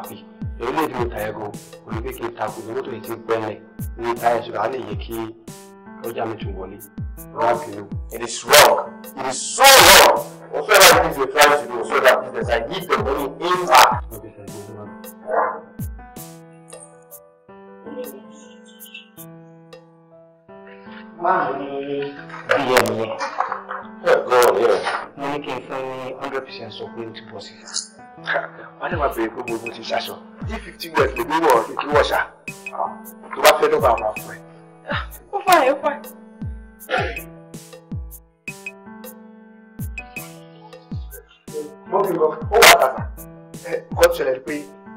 happy èyí lè dúró tàyẹ̀ gan olùgbé kí n takò ní mọ́tò yìí ti ń pẹ́lẹ̀ ní tàyẹ̀ ṣùgbọ́n á yẹ kí ọjà mi tún wọlé rárá bínú. it is wrong it is so wrong whatever it is you try to do so that business i give the money intact. máa ní bí ẹni yẹn gan ni ẹ. mo ní kí n fún ní hundred percent sọ pé o ti bọ̀ sí. wọ́n lè máa béèrè pé gbogbo ti ṣaṣọ tí fifty west lè wọ̀ fifty wọ̀ ṣá ah, tó bá fẹ́ ló bá wà fún ẹ. ó fà ẹ́ fà. mọ́kì lọ ó wà tàbà ẹ kọ́ ti ṣẹlẹ̀ pé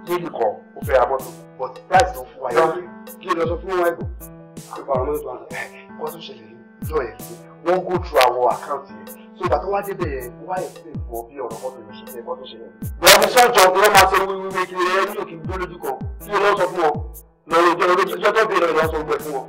yéèlì kan ó fẹ́ ra mọ́tò but price ló fún wa yẹn. kí ló sọ fún wa ẹ̀gbọ́n. àgbà ọ̀nà ìgbà kan tó ṣẹlẹ̀ lọ́ọ̀ yẹn wọ́n go through àwọn account yẹn so bàtà wá débẹ̀ yẹn wá yẹn sí ìfọ̀ bí ọ̀rọ̀ mọ́tò yìí ṣe fẹ́ mọ́tò ṣe yẹn. bẹ́ẹ̀ ni sọ́jọ́ ọ̀gbọ́n máa ṣe wíwí wíwí kiri ẹ ní òkè gbólójú kan kí ló sọ fún ọ lọ́rọ̀ ìjọ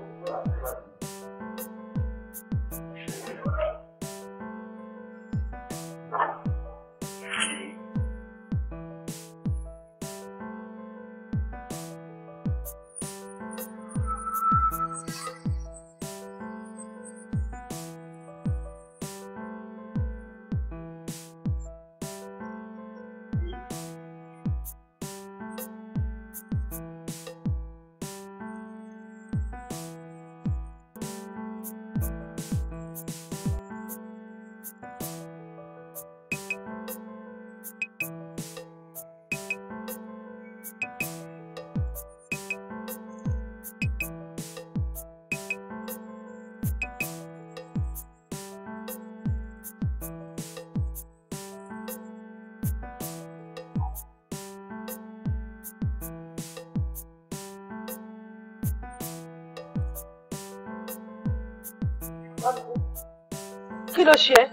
ló ṣe ẹ́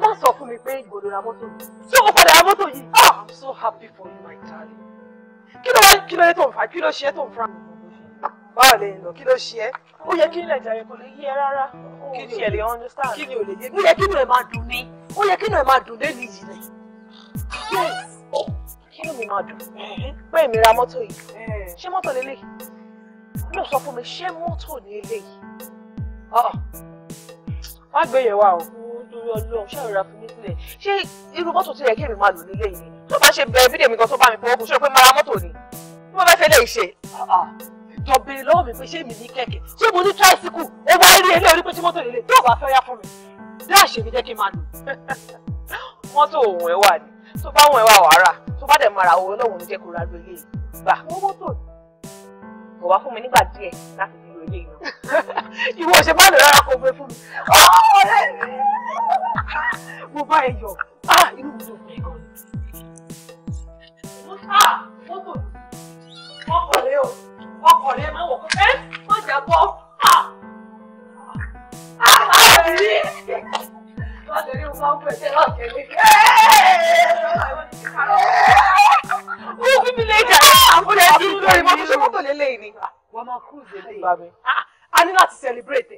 má sọ fún mi pé ìgbòdo ra mọ́tò yìí tí o padà ra mọ́tò yìí ah! i'm so happy for you my darling kí ló wá kí ló yẹ tó ń fa kí ló ṣe é tó ń fa báwo lè lọ kí ló ṣe é ó yẹ kí nílẹ̀ jàre kò lè yé ẹ rárá kí ni ẹ lè understand kí ni ò lè yé ó yẹ kí ni ẹ máa dùn ní ó yẹ kí ni ẹ máa dùn lé nìyí rẹ kí ni mi máa dùn pé èmi ra mọ́tò yìí ṣé mọ́tò lélẹ̀ yóò sọ fún mi ṣé mọ́tò ní eléyìí ah, ah. má gbé yẹn wá o. Ọlọ́run ṣé ìrora fún mi sílẹ̀ ṣé irú mọ́tò tó yẹ kí èmi máa lò nílé yìí tó bá ṣe bẹ fídíò mi kan tó bá mi fọwọ́ kù ṣé o pé mara mọ́tò ni bí mo bá fẹ́ lè ṣe. Ah, ah. jọ̀bẹ̀ lọ́wọ́ mi pé ṣé èmi ní kẹ̀kẹ́ ṣé mo ní tíráìsìkù ẹ wá rí ẹ lórí pé tí mọ́tò nílé tó bá fẹ́ yá fún mi dáàṣe mi jẹ́ kí n máa lò. mọ́tò òun ẹ̀ wà ní tó bá òun ẹ̀ wà wàrà tó bá dẹ̀ mara òun náà òye yàn ìwọ ṣe má lè rárá kó fẹ́ fún mi ọ̀rẹ́ mi mo bá ẹ yọ inú mi ò fi kàn mọ́tò ọkọ̀ rẹ o ọkọ̀ rẹ máa wọ̀ ẹ́ má jà bọ́ àtàrí látẹ̀lé o máa ń pẹ̀sẹ̀ látẹ̀lé. Wọ́n fi mi lè jà àbúrò ẹ̀ kí n lórí mọ́tò ṣe mọ́tò lélẹ́yìn ni wọ́n máa cruise ilé yìí ah, a ní láti celebrate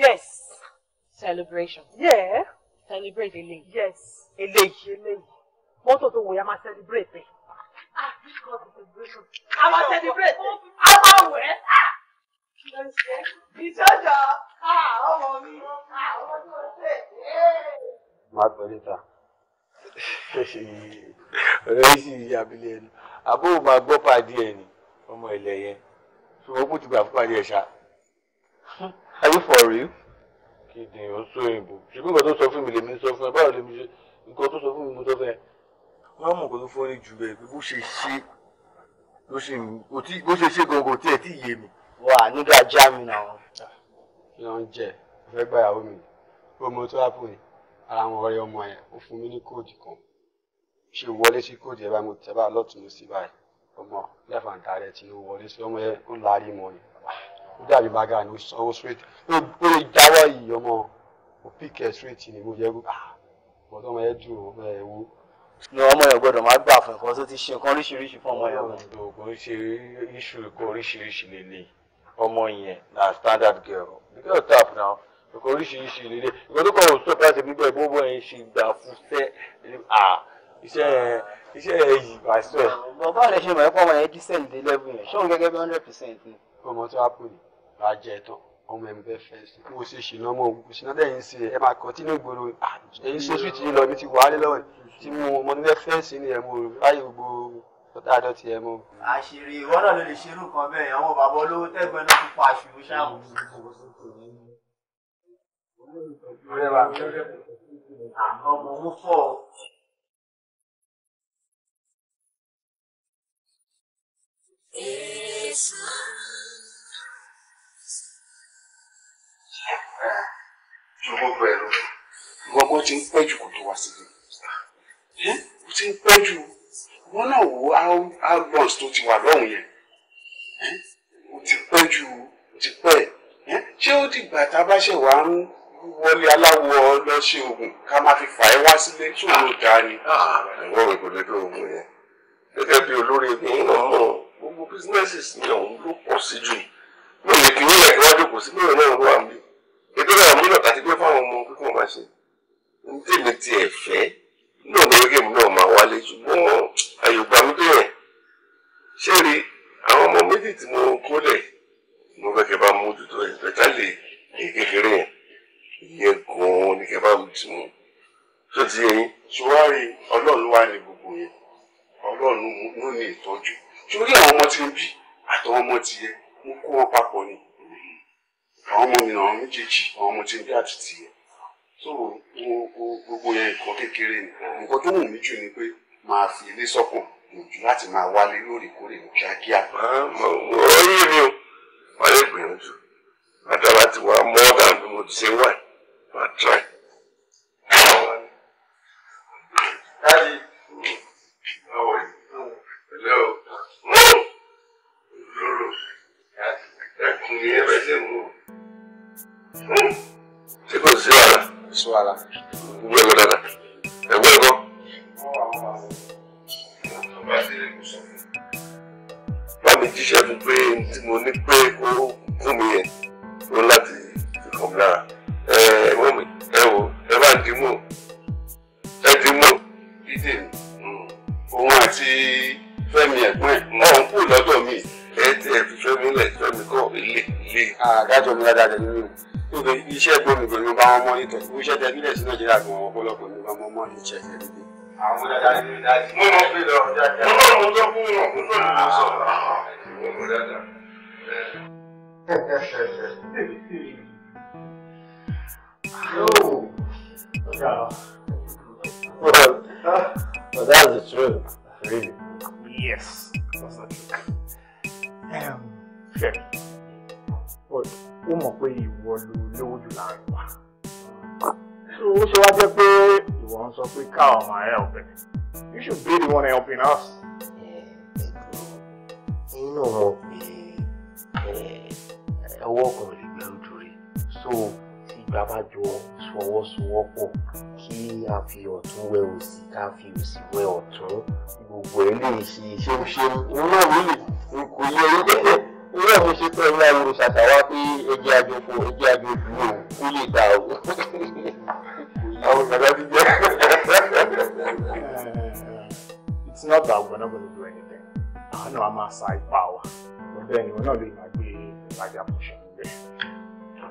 yes celebration yeah celebrate eléyìí yes eléyìí eléyìí mọ́tò tó wọ̀ yá máa celebrate a máa celebrate ah, ah, a máa wẹ̀ ìjọjọ ọmọ mi ọmọ tó ṣe é. Eh. má gbọ́ níta ọ̀rẹ́ yìí sì yàbílẹ̀ ẹnu àbúrò máa gbọ́ pàdé ẹ̀ ní ọmọ ilẹ̀ yẹn ṣùgbọ́n kò ti gbà fún pàdé ẹ̀ṣá. are you for real? kí ni ò ń sọ òyìnbó ṣùgbọ́n nǹkan tó sọ fún mi lèmi sọ fún ẹ báwo lèmi ṣe nǹkan tó sọ fún mi mo sọ fún ẹ. wọ́n á mọ̀ nǹkan tó fọ́ ní jù bẹ́ẹ̀ pé bó ṣe ṣe bó ṣe ṣe gangan tí ẹ ti yé mi. wà á nígbà já mi náà. kí ló ń jẹ fẹ́ gbà yàwó mi ọmọ tó hápù ni ara àwọn ọ̀rẹ́ ọmọ yẹn ó fún mi ní ọmọ lẹ́fà ń darẹ̀ tí ó wọlé sí ọmọ yẹn ó lárí mọ́ ah, ni ó dàbí bàgà ni ó straight ó lè jáwọ́ yìí ọmọ ó píkẹ́ straight ni mo jẹ́ kó bọ́dọ̀ ah, ọmọ yẹn dùn ọmọ yẹn wú. ni ọmọ yẹn gbọ́dọ̀ máa gbà fún ẹ̀kọ́ tó ti ṣe nǹkan oríṣiríṣi fún ọmọ yẹn. kò ń ṣe iṣu ikọ̀ oríṣiríṣi lélẹ̀ ọmọ yẹn na standard girl girl tap now ikọ̀ oríṣiríṣi lélẹ̀ ah kọ̀ ọ̀ iṣẹ́ ẹ yìí pàṣẹ. bọ̀bá rẹ̀ ṣe mọ̀ ẹ́ pọ́nmọ́ yẹn dísẹ́ǹ dé lẹ́bù yẹn ṣóun gẹ́gẹ́ bí hundred percent ni. ọmọ tó wá pè ní bàjẹ́ tán ọmọ ẹ̀ ń bẹ́ fẹ́ sí. mo ṣe ṣìnà ọmọ ògùn ṣìnà lẹ́yìn ṣe ẹ máa kàn tí ní ìgboro ẹ̀yìn ṣe sùtì yìí lọ mi ti wà á lé lọ́wọ́ tí mo ọmọ ní fẹ́ sí ni ẹ̀ mo ráyè gbogbo tọ́tà àdọ́tì ẹ̀ mo. àṣírí ìwọ náà ló lè ṣerú kan bẹ́ẹ̀ àwọn bàbá olówó tẹ́gbẹ́ náà fún pàṣù ṣáàmù. ọmọ mo fọ́ ọ. It's tó ti wà lọ́hùn yẹn ó ti pẹ́ jù ó ti pẹ́ ṣé ó dìgbà tá a bá ṣe wá ń wọlé aláwọ̀ ọlọ́ṣẹ́ oògùn ká má fi fà ẹ́ wá sílé ṣòro dáa ni. wọ́n ah, rẹ̀ kò lè dé yẹn gẹ́gẹ́ bí olórí ẹgbẹ́ ń gbogbo bísínẹ́sì ní ọ̀hún ló pọ̀ sí jù yìí mi ò lè kí nílẹ̀ kí wọ́n jókòó sí mílíọ̀nù náà ló wà níbí ètò náà mílíọ̀nù àti pé fáwọn ọmọ kíkọ́ máa ṣe ní tèmi ti ẹ̀ fẹ́ náà ní eré mi náà máa wálé ṣùgbọ́n ayò gbà mí bẹ́ẹ̀ ṣé rí àwọn ọmọ méjì tí mo kólẹ̀ mo fẹ́ kẹ́ bá mójútó especially kékeré yẹn ìyẹn gan-an ni kẹ́ bá ti mú tó ti yẹ yín. ṣùgbọ́n rí ọlọ́run wà ní gbogbo yẹn ọlọ́run ló ní ìtọ́jú sórí àwọn ọmọ tí ń bí àtàwọn ọmọ tiẹ̀ mo kó wọn papọ̀ ni àwọn ọmọ mi àwọn méjèèjì àwọn ọmọ tí ń bí àti tiẹ̀ so gbogbo yẹn nǹkan kékeré ni nǹkan tó wù mí jù ni pé máa fi ilé sọ́kàn gbìyànjú láti máa wálé lóòrèkóòrè ní kíákíá. orí mi o wálé gbìyànjú àdàbà ti wà mọ́ ọ̀gá mi mo ti ṣe wáì máa tíráì. wàhálà. gbogbo ẹ̀rọ dada ẹ̀gbọ́n ẹ̀kọ́. mi jíṣẹ́ fún pé tí mo ní pé ó fún mi yẹn ó láti kàn mí lára ẹ̀gbọ́n mi ẹ wo ẹ bá ń dimú ẹ dimú. ìdè hmm, òun àti fẹ́mi ẹ̀gbọ́n ẹ̀ ọ̀hún kù lọ́dọ̀ mi ẹ tẹ ẹ fi fẹ́mi lẹ̀ fẹ́mi kọ́ ilé ilé. àdájọ́ ah, mi ládàá jẹ́ nínú ìwé iṣẹ́ gbọ́n ọ̀pọ̀lọpọ̀ that's the truth, really. Yes, that's the truth. Um, yeah. But, ó mọ̀ pé ìwọ ló ó ṣe wá jẹ́ pé ìwọ ń sọ pé ká ọmọ ẹ ọ̀bẹ you should be the one helping us. ẹ̀yin náà mọ̀ pé ọwọ́ kan lè gbẹ ojú rẹ̀ so tí bàbá jọ fọwọ́sowọ́pọ̀ kí a fi ọ̀tún wẹ òsì ká fi òsì wẹ ọ̀tún gbogbo ẹ̀ lè ṣe ṣéṣe iná mi kò yẹ ẹ́ irú ẹ̀ mo ṣe pé ẹ̀yin ariwo ṣàṣàwá pé ẹjẹ́ àjọpọ̀ ẹjẹ́ àjọpọ̀ o kó lè dà o àwọn ìgbàdá ti jẹ́. It's not that we're not going to do anything àwọn náà a máa sa ipá wa bẹ́ẹ̀ ni wọn náà lè máa gbé ìtajà pọ̀ ṣe níbẹ̀. ẹ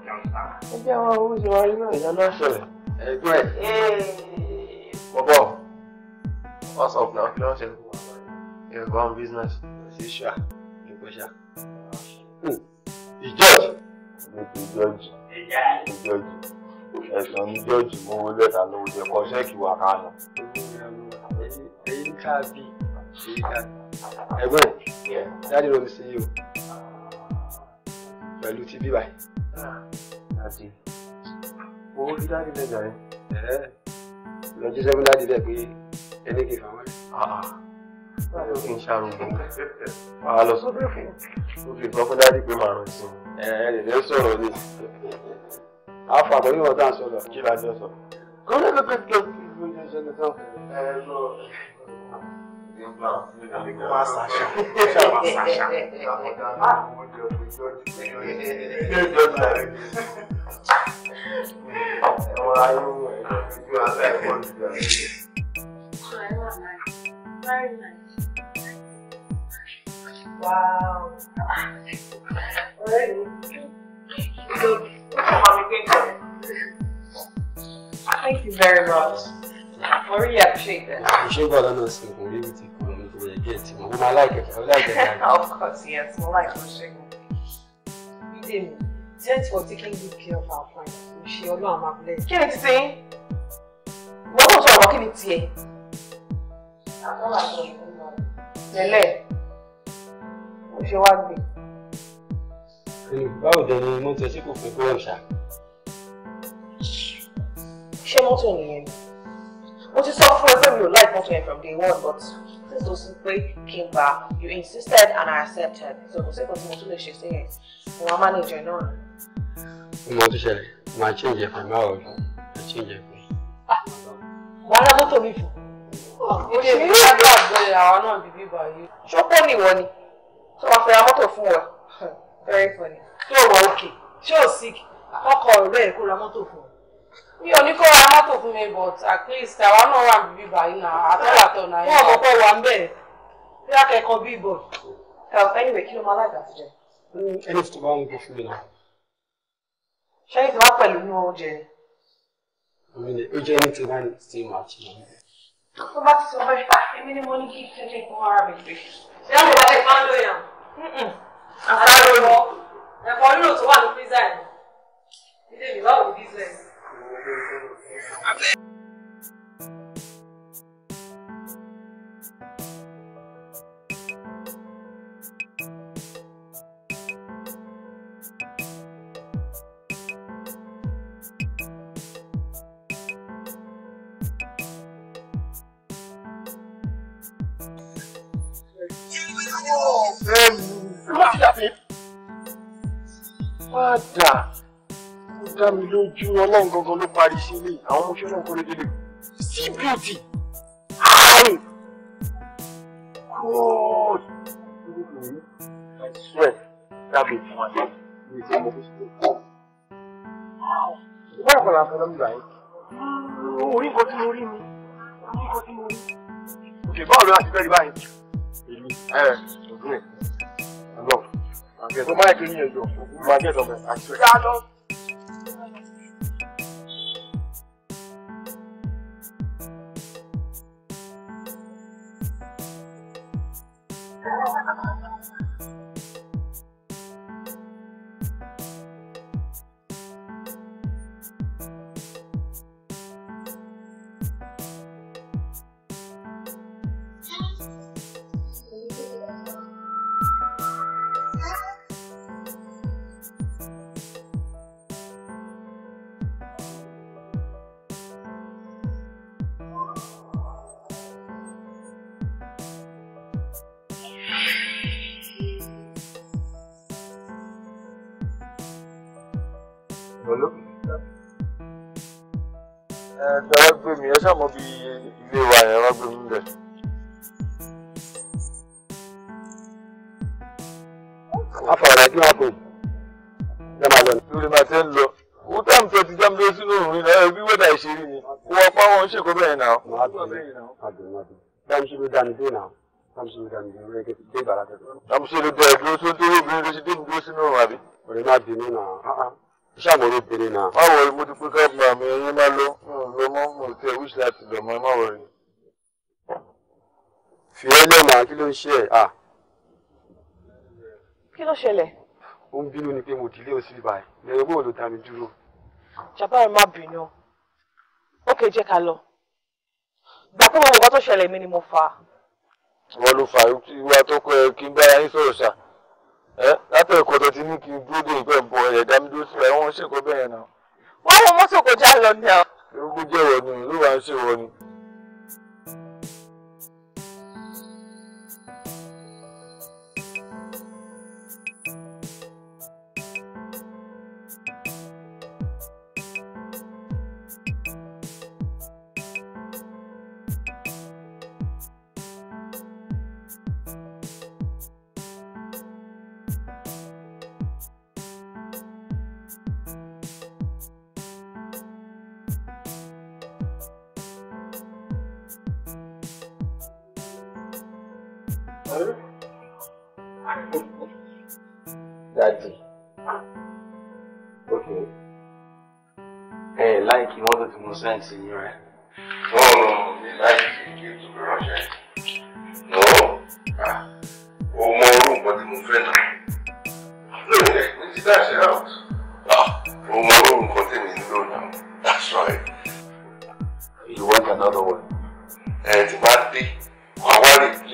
jẹ́ àwọn owó ṣe wáyé náà ìyá náà ṣẹlẹ̀ ẹ̀gbọ́n ẹ̀. what's up now kí ló ń ṣe? business. ṣe ṣá. ìjọ́jì mo pe jọ́jì jọ́jì ẹ̀sán ní jọ́jì mo wo lẹ́tà lówó jẹ kọ́ ṣẹ́ẹ̀kì wà kánà. èyí ká bí èyí ká ẹ̀gbọ́n dáàdì rọ mi sí yìí o pẹ̀lú ti bíbá yìí. àti owó bí dáàdì lẹ́jà rẹ̀. lọ jíṣẹ́ fún dáàdì bẹ́ẹ̀ pé ẹni kì í fà wọ́n báyọ̀ kì í ṣàrògùn máa lọ sọ fún un ó fi fún dájú pé màá rántí ẹ̀ẹ́dẹ̀ lè sọ̀rọ̀ ní àfà àbẹ̀wò ọ̀dà sọ̀rọ̀ kí la jọ sọ. kọ́lẹ́ ló pèsè kí ló ń ṣe ní sọ́ọ̀ ẹ̀ẹ́ lọ. Máa ṣàṣà, Very nice. Wow. Thank you very much. I appreciate that. I'm sure God knows you can be able to come with the gate. like it. I like it. Of course, yes. I like it. You didn't. Thanks for taking good care of our friend. should alone, I'm a blessed. Can you see? What was your working in here? I'm not like Lele kò ṣe wá gbé. Eh, báwo dẹ ni mo tẹ̀sí kò pé kó rọ̀ ṣá. ṣé mọ́tò nìyẹn ni mo ti sọ fún ẹ pé mi ò like mọ́tò yẹn from day one but since o sì pé kí n gbà you insisted and I accepted so kò sí kò tí mo tún lè ṣe sí yẹn mo máa manage ẹ náà. mo tún ṣẹlẹ̀ máa change ẹ̀ fún mi báwo ni máa change ẹ̀ fún mi. wàá lábọ́ tó mi fún. ó oh, ṣe é ní àgbà àgbẹ̀rẹ̀ àwa náà bíbí báyìí. ṣó pọ́ nìwọ ni. ṣé wọ́n fẹ́ fún wa very funny ṣé ò wà òkè ṣé ò sick ọkọ ọ̀rẹ́ kó ra mọ́tò fún mi ò ra fún mi but at least àwa náà wà bíbí báyìí na àtọ́làtọ̀ náà. wọ́n mọ̀ pé wà ń bí akẹ́kọ̀ọ́ bí bọ̀ anyway kí ló máa lága jẹ. Mm, ẹni tó bá ń gbọ́ fún mi náà. ṣé ìgbà wá pẹ̀lú inú oúnjẹ ó Yeah, àwọn ìwà lè máa ń lò yàn. àṣàrò ni ẹ̀fọ́ rírò tó wà ní pizza yẹn ilé mi báwo ni business. ojú ọlọ́run gangan ló parí sí ilé àwọn ọmọ ṣẹ́wọ̀n kọ́lé délé sí beauty how god i swear that be the one wey dey mo go school how ìgbà kan la fẹ́ràn gbà yín orí nǹkan tí mo rí mi orí nǹkan tí mo rí. òkè báwo ló láti fẹ́ rí báyìí èmi ẹ̀ ọdún ẹ̀ ọlọ́run àgbẹ̀ tó máa ń kiri ẹ̀jọ̀ máa ń kẹ́ ẹ̀dọ̀gbẹ̀ àti ẹ̀. olókìkí ẹ dára gbé mi ẹ ṣàmọ bí ilé wa yẹn wá gbé mi bẹ. afọ̀rọ̀ ẹ̀dùn àpò ìjọba lórí màá ti ń lọ wọ́n tàbí tó ti jáde lọ sínú òórùn náà ẹbí wẹ́dà ìṣeré ni wọ́n pa wọn ṣèkó bẹ́ẹ̀ náà. dámsílù dání dé náà dámsílù dání dé wẹ́ẹ́ kẹ́kẹ́ dé bàrà tẹ̀lé. dámsílù dẹ̀ dúró tó dúró obìnrin tó ti dé dúró sínú òórùn àbí. òrè má bínú náà ṣàmúrò obìnrin náà. má wọrí mo ti pín káàpù àmì ẹyin má lọ lọ mọ mo tẹ wíṣì láti dọ̀mọ́ má wọrí. fìyẹ́ lẹ́nà kí ló ń ṣe ẹ̀ à. kí ló ṣẹlẹ̀. ó ń bínú ni pé mo dìlé òsì báyìí lẹ́yìn bóun ló dá mi dúró. jàbáyọ̀ má bínú ó kè jẹ́ ká lọ gbà pé mo mọ̀ nǹkan tó ṣẹlẹ̀ mi ni mo fà wọ́n ló fà á ìwà tó kọ ẹ kí n bá yín sọ̀rọ̀ ṣáà látọ̀ ẹ̀kọ́ tó ti ní kí n dúró dé ìgbẹ́ bọ̀ ẹ̀dá mi dúró síra wọn ṣèkọ́ bẹ́ẹ̀ náà. wọ́n wọ mọ́tò kọjá lọ ni. ewu jẹ́ wọ ni ló wàá ń ṣe wọ ni.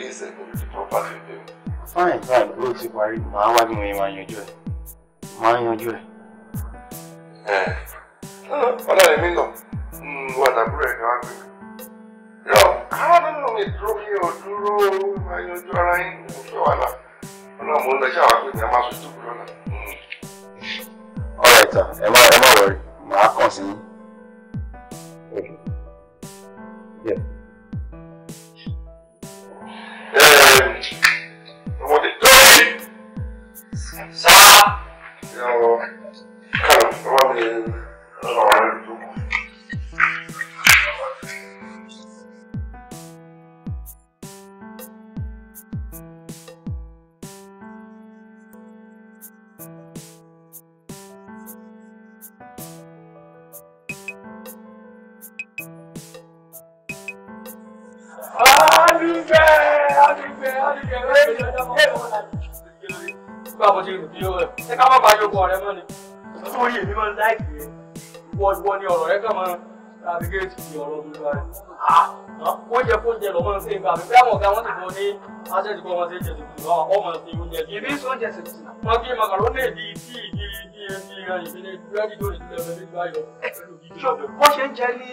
ẹsẹ̀ kò fi proper treatment. fine fine ló ti parí màá wá bí mo yẹn máa yanjú ẹ máa yanjú ẹ. ọlọ́run eh, mi náà hmm, wà lábúrò ẹ̀ ní wàá gbé yọ káwọn nínú mi dúró kí o dúró máa yanjú ara yín kò fẹ́ wàhálà ọlọ́run mo ń lọ sí àwọn àgbẹ̀ ní a máa sọ ìdókòwò lọ́la. ọ̀rẹ́ ìta ẹ má wọrí màá kàn sí yín. gbà mí bí àwọn ọ̀gá wọn ti fún ní ájẹ́jú kọ́ wọn ṣe jẹ ṣèkùtù náà ọmọ ti oúnjẹ bí. ìbí sọ oúnjẹ ṣèkùtù náà. wọn kí màkàrónì di tí ìdí ní ẹni ìran ìbílẹ̀ búrẹ́dì tó ìdílé ọ̀rẹ́ nígbà yọ. wọ́n ṣe ń jẹ ní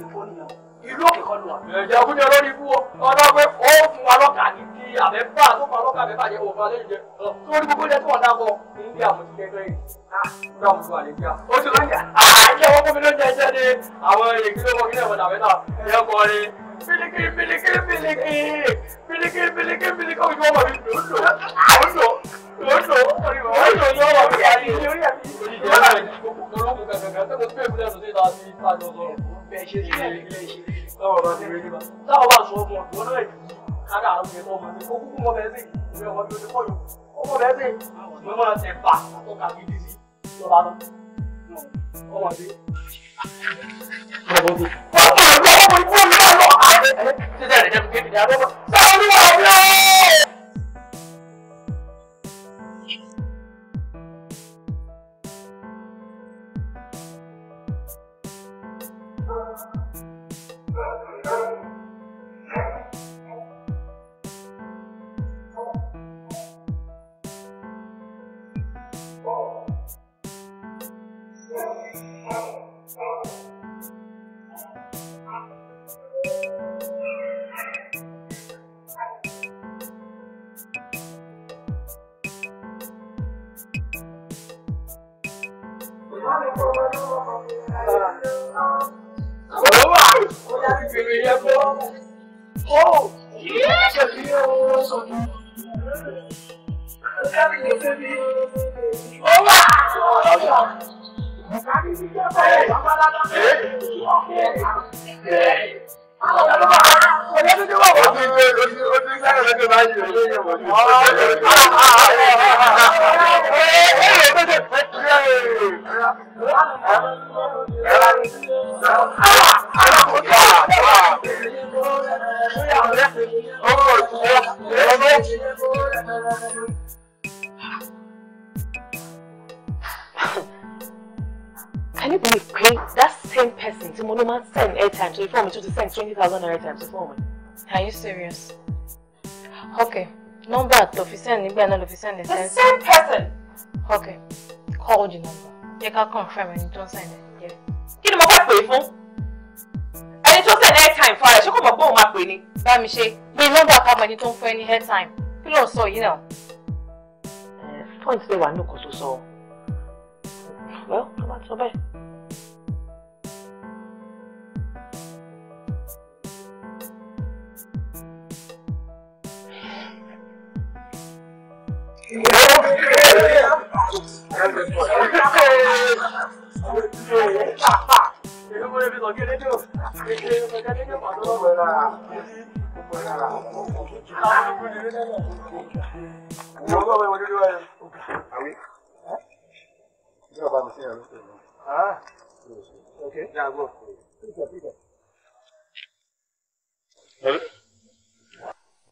èkó nìyẹn ìlú òkè kan ló wà. ẹ̀jẹ̀ kúndé olórí fún ọ̀dọ́ pé ó fún wa lọ́kà ní ti àbẹ́fà tó fún wa lọ́kà àbẹ́fà jẹ́ òfin alẹ́ ìjẹ́ tó ní gbogbo ilẹ̀ tó wọ́n dákọ̀ ní bí àmójútó ẹgbẹ́ yìí. dáhùn sí wa lè fi à. ó ti lọ́jà. àìjẹ́ wọ́n fún mi lóúnjẹ jẹ́ ni àwọn èkìlẹ̀ wọn kílẹ̀ wọn dàbẹ́ náà ẹ̀yọ́ kọrin Biliki biliki biliki biliki biliki biliki ojú ọmọ mi lò lò lò lò lò lò lò ọmọ mi àti ìdí orí àti ìdí orí. Olóògùn kankan tẹ́lẹ̀ tó èbúlẹ̀ tó dé láti àjọ sọ̀rọ̀. Bẹ́ẹ̀ ṣe ṣe ilé ṣe. Táwọn bá ti rí nípa. Táwọn bá sọ ọmọ ìwọ náà yìí. Káàdà àwọn ìyẹn tó 哎，这样，人家不给你家，不不，挡住我了。experience. Okay, number tó fi send nígbà náà ló fi send the same. The same person. Okay, call the number. Jẹ́ ká confirm ẹni tó ń send ẹ̀ jẹ́. Kí ni mo fẹ́ pè é fún? Ẹni send airtime fún ara ẹ̀ ṣé kò mọ̀ pé òun máa pè ni? Bá mi ṣe pé nọ́mbà kámọ any tó ń fún ẹ ní airtime. Kí to ń sọ yìí náà? Fọ́ọ̀nù eh, ti Well, come on, so bẹ́ẹ̀.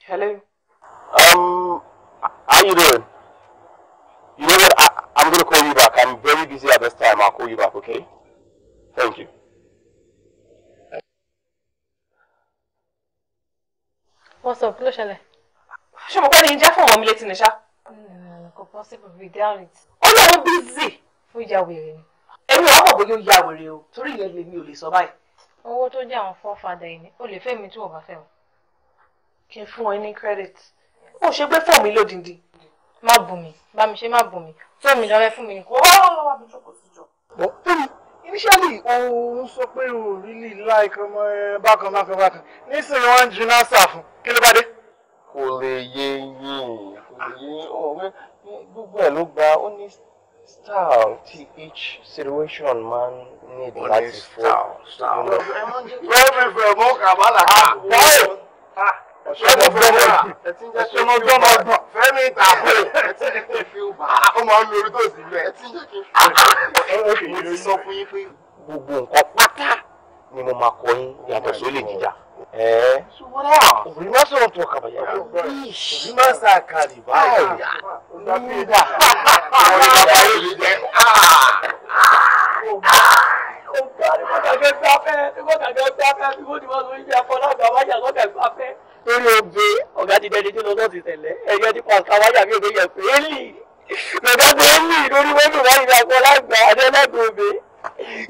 Hello how you doing? You know what? I, I'm going to call you back. I'm very busy at this time. I'll call you back, okay? Thank you. What's up? Ló ṣẹlẹ̀. Ṣé mo kọ́ ni jẹ́ fún ọmọ mi létí ni ṣá? Kò possible we doubt it. Ó lóun busy. Ó ya wèrè ni. Èmi ò mọ̀ bóyá ó ya wèrè o, torí ìyẹn lèmi ò lè sọ báyìí. Owó tó jẹ́ àwọn fọ́fadà yìí ni, o lè fẹ́ mi tí o bá fẹ́ o. Kí n credit. Ó ṣe gbé fọ́ọ̀mù má bù mí mi ṣe má bù mí tó mi lọ́rẹ́ fún mi ní kó ọ́ wá bí jókòó sí jọ. initially òun so pé o rí lè láìka ọmọ ẹ bákan bákan bákan nísìnyí wọn ń jiná sáfún kí ló bá dé. kò lè yé yín kò lè yé ọ̀rẹ́ gbogbo ẹ̀ ló gba ó ní style tí each situation man need láti fọ. ó ní style style. lọ́wọ́ mi fẹ́ mọ́ kàbálà ká. Ah, Fẹ́mi tàbí ẹ̀ tí jẹ́ kí n fi wà. Ó máa ń lo orí tó sì lọ ẹ̀ tí jẹ́ kí n fi wà. Mo ti sọ fún yín pé gbogbo nǹkan pátá ni mo máa kọ yín yàtọ̀ sólè jíjà. Eh. Suona. Prima sono tuo cavaliere. Prima sa carivare. Una vita. Ó gbàdúrà kẹ́kẹ́ sáfẹ́, ó gbàdúrà kẹ́kẹ́ sáfẹ́, ó ti wọ́n sọ ìjà fọlá àgbà wájà lọ́kẹ́ sáfẹ́ lórí oge ọ̀gá ti dẹni tí lọ́sọ̀ ti tẹ̀lẹ́ ẹ̀yẹ ti pàṣẹ àwájà bí òbí yẹ pé èlì lọ́gá ti èlì lórí wẹ́ẹ̀dù wáyé ní akọ lágbà àti ẹlẹ́gbẹ̀ òbí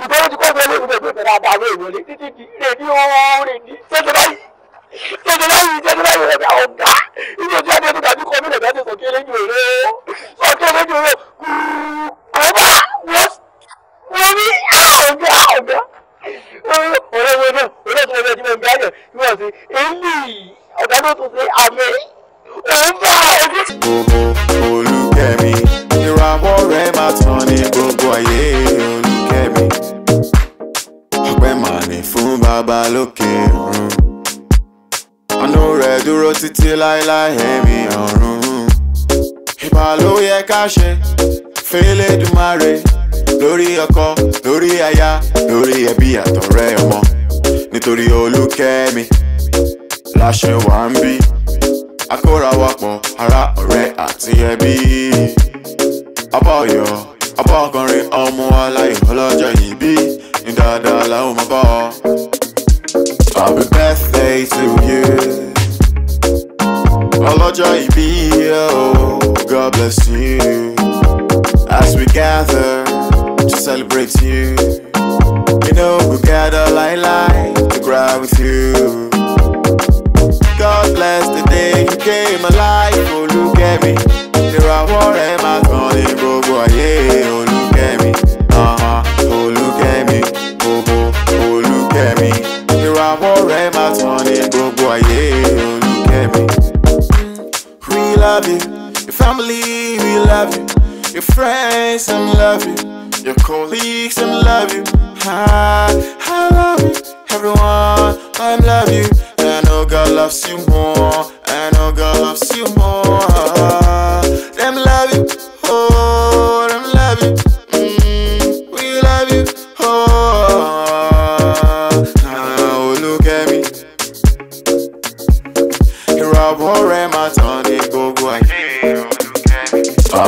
ìtọ́jú ti kọ́ ìgbẹ́lẹ́ ìgbẹ́ pé bẹ̀rẹ̀ àbá àwọn èèyàn lé títí di rèdí ooo rèdí ṣẹ́jọ báyìí ṣẹ́jọ báyìí ṣẹ́jọ láṣẹ fẹlẹ́dùmarè lórí ọkọ lórí aya lórí ẹbí àtọ̀rẹ́ ọmọ nitori olúkẹ́mi láṣẹ wà ń bí akóra wa pọ̀ ará ọ̀rẹ́ àti ẹbí ọba ọ̀yọ́ ọba ọkùnrin ọmọ aláyọ̀ ọlọ́jọ́ yìí bí ní dáadáa làwọn máa bọ̀ ọ́. Happy birthday to you ọlọ́jọ́ ìbí yìí oh. o. God bless you as we gather to celebrate you. You know, we gather like light to cry with you. God bless the day you came alive. Oh, look at me. here I war and my calling, oh boy. Yeah, oh, look at me. Uh huh. Oh, look at me. Oh, oh, oh, look at me. here I war and my calling, oh boy. Yeah, oh, look at me. Mm, we love you. Family, we love you. Your friends, some love you. Your colleagues, some love you. I, I love you. Everyone, I am love you. I know God loves you more. I know God loves you more.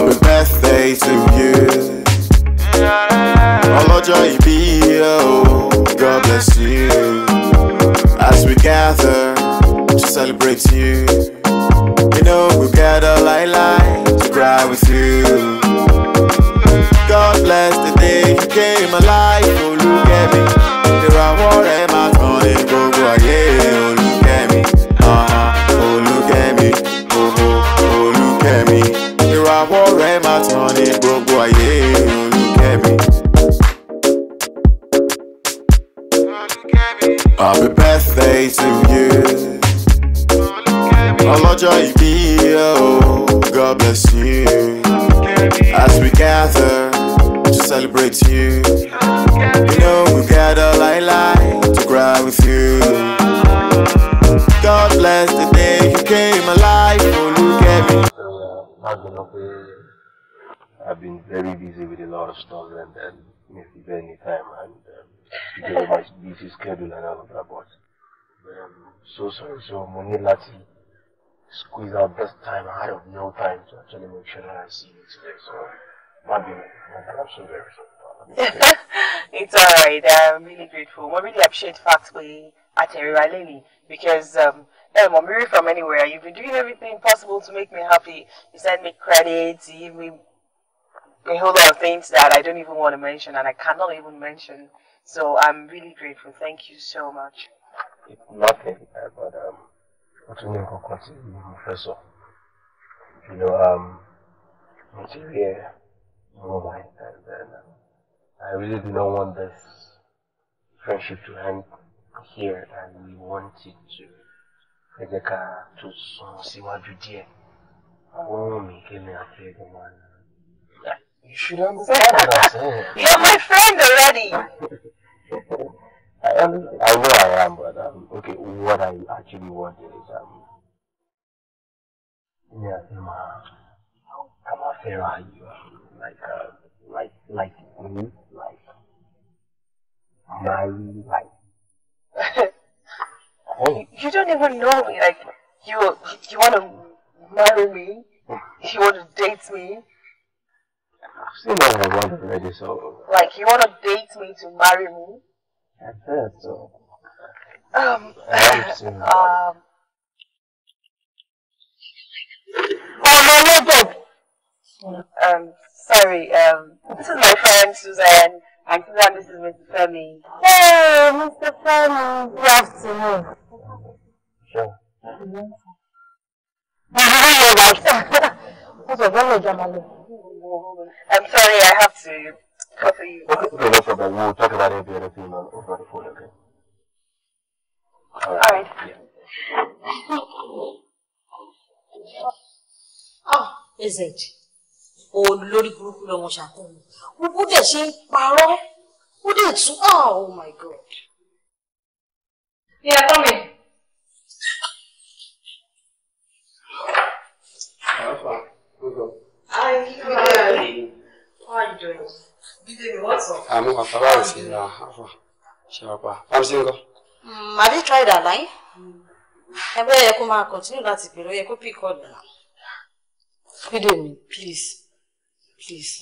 Happy birthday to you. and, and maybe burn any time and um, of my busy schedule and all of that. But, but um, so sorry, so Monila to squeeze out this time out of no time to actually make sure that I see you today. So, might be, I'm so very sorry. it's all right. I'm really grateful. I really appreciate the fact we at Riley because um, um, I'm really from anywhere. You've been doing everything possible to make me happy. You send me credits, you give me a whole lot of things that I don't even want to mention and I cannot even mention. So I'm really grateful. Thank you so much. Nothing, eh, but um, what's your name, Professor? You know, um, material moment, and then um, I really do not want this friendship to end here, and we want it to. Ẹ jẹ́ ká tún sún síwájú díẹ̀. Àwọn ohun mi kémi àti ẹ̀gbọ́n wa you should understand what I'm saying. You're my friend already. I am. I know I am, but um, okay. What I actually want is um. Yeah, Emma. Come on, Sarah. You um, like uh, like like me, like my you, you don't even know me. Like you, you want to marry me? You want to date me? I've seen what I want already, so. Like, you want to date me to marry me? I said so. Um. um. Oh my Um, sorry, um, this is my friend Suzanne, and Suzanne, this is Mr. Femi. Hey, Mr. Femi, good afternoon. Sure. Mm-hmm. I'm sorry, I have to cover you. Okay, okay, no problem. We'll talk about every other female, over the phone, okay? Alright. right. All right. Yeah. oh, is it? olórí oh, burúkú lọmọ ṣàkóso gbogbo dẹ̀ ṣe ń parọ́ ó dẹ̀ tún ah, oh my god. Yeah, come in. How far? Good job. Hi, good evening. How are you doing? Good evening, what's up? I'm not sure how I'm single. Mm, have you tried that line. Ẹgbẹ́ yẹ kó máa continue láti pè ló yẹ kó pick up now. Fídè me, please, please.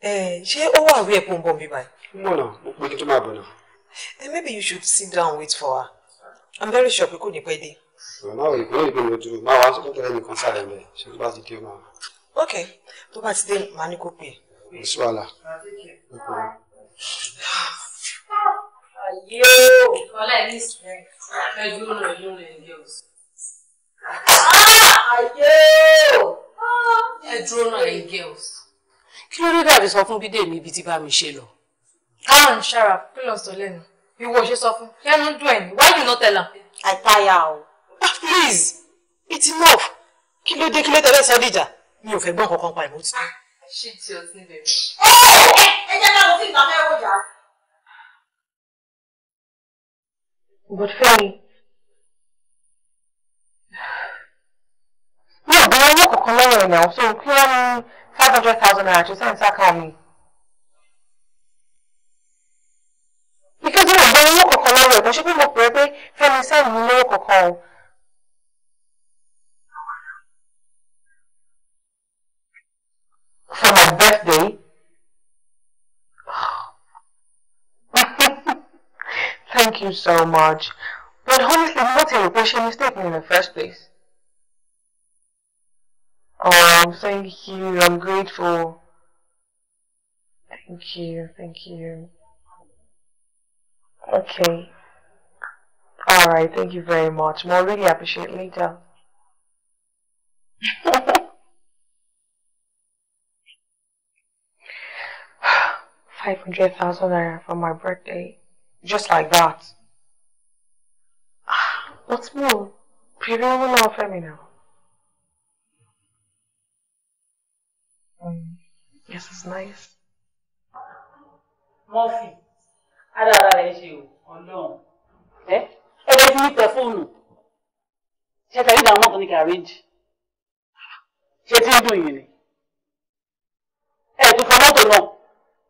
Eh, she ó wà rí ẹ̀pọ̀ ń bọ̀ no, báyìí? Mo nà, mo pe kí n Maybe you should sit down and wait for her. I'm very sure we kò ní pẹ́ no, Màmá òyìnbó ìgbìmọ̀ dúró, máa wá sókè lẹ́yìn kan sáré ń bẹ̀, ṣe ló bá ti dé máa ok tó bá ti dé màá ní kó pè é. kò sí wàhálà. ayé o ọlá ẹni sẹ ẹjọ rẹ ló rẹ ní ọsùn. Ah! ayé o ẹjọ rẹ ní girls. kí ló dé dàbí sọ fún bídè mi ibi tí bá mi ṣe lọ. karen sharaf kí ló sọ lẹ́nu ìwọ ṣe sọ fún lẹ́nu dùn ẹ ní wájú náà tẹlẹ. àìpáyà o. Ah, please it's enough kí ló dé kí ló tẹ́lẹ̀ sọ dìjà mi ò fẹ́ gbọ́ kankan pa ìmọ̀ tí. ṣé tí o ti ń bẹ̀rẹ̀. ẹ jẹ́ káwọn fíìmù abẹ́rẹ́ ọjà. but Fẹ́mi mi ò bẹ̀rẹ̀ owó kankan lọ́wọ́ ẹ̀ náà so kí wọ́n mú five hundred thousand naira tó sẹ́yìn sáà kan mi. because mi ò bẹ̀rẹ̀ owó kankan lọ́wọ́ ẹ̀ bó ṣe bí mo pè é pé Fẹ́mi sẹ́yìn mi lówó kankan o. for my birthday. Thank you so much. But honestly, what a repression is taken in the first place. Oh, thank you. I'm grateful. Thank you. Thank you. Okay. Alright, thank you very much. More really appreciate later. five hundred thousand naira for my birthday, just like that. what's ah, more, Piri will offer me now. Mm. Yes, it's nice. Murphy, adára rẹ̀ ṣe o, ọlọ́run. Eh? Ẹ ẹ bẹ fi ní pẹ̀fóònù. Ṣé tẹ̀lé ìdààmú ọ̀tún ní kàríjì? Ṣé tí ń dùn yìí ni? to tún fọ mọ́tò náà.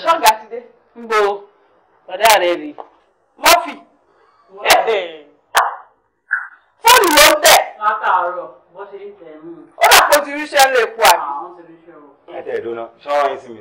ṣọ́ọ̀gà ti dé. ń bo ọ̀dà rẹ̀ rè. mọ́fì. fóònù ló ń tẹ̀. látàárọ̀ bó ṣe ń tẹ̀ mú. ó dà ti ríṣẹ́ ńlẹ̀ epo àbí. àwọn ti ṣọ́ọ́ yín sí mi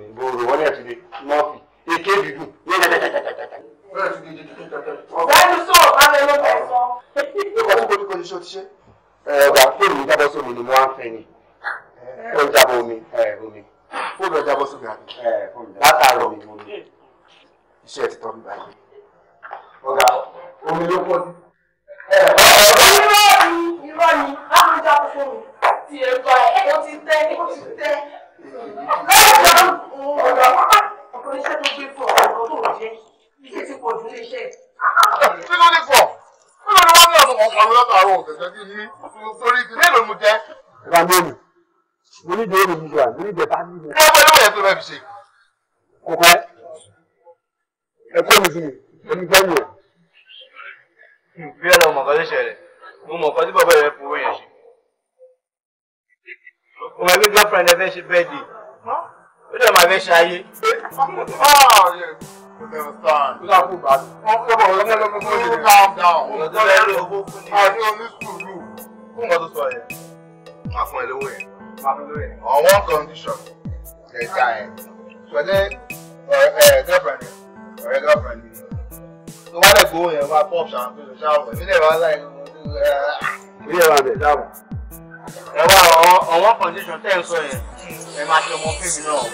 on one condition the time so then ọ̀rẹ́ uh, uh, girlfriend ọ̀rẹ́ uh, girlfriend mi tó wá lè gbowó yẹn wá pop ṣàǹfẹ́ ṣàǹfẹ́ mi lè wá láì mi lè wá bẹ̀ ṣàǹfẹ́. ẹ on one condition tẹ́ ẹ sọ yẹn ẹ máa ṣe you know.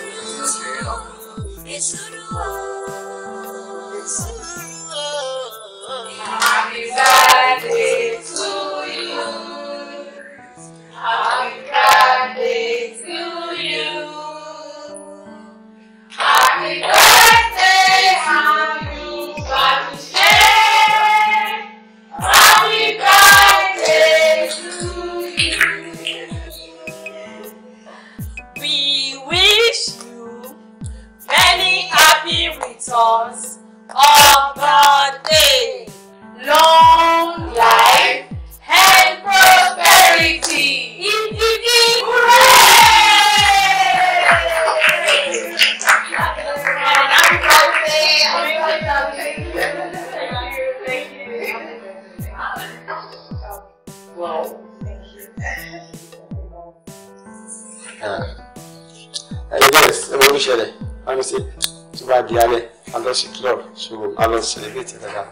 Happy birthday to you. Happy birthday to you. Happy birthday. 是李飞姐的家。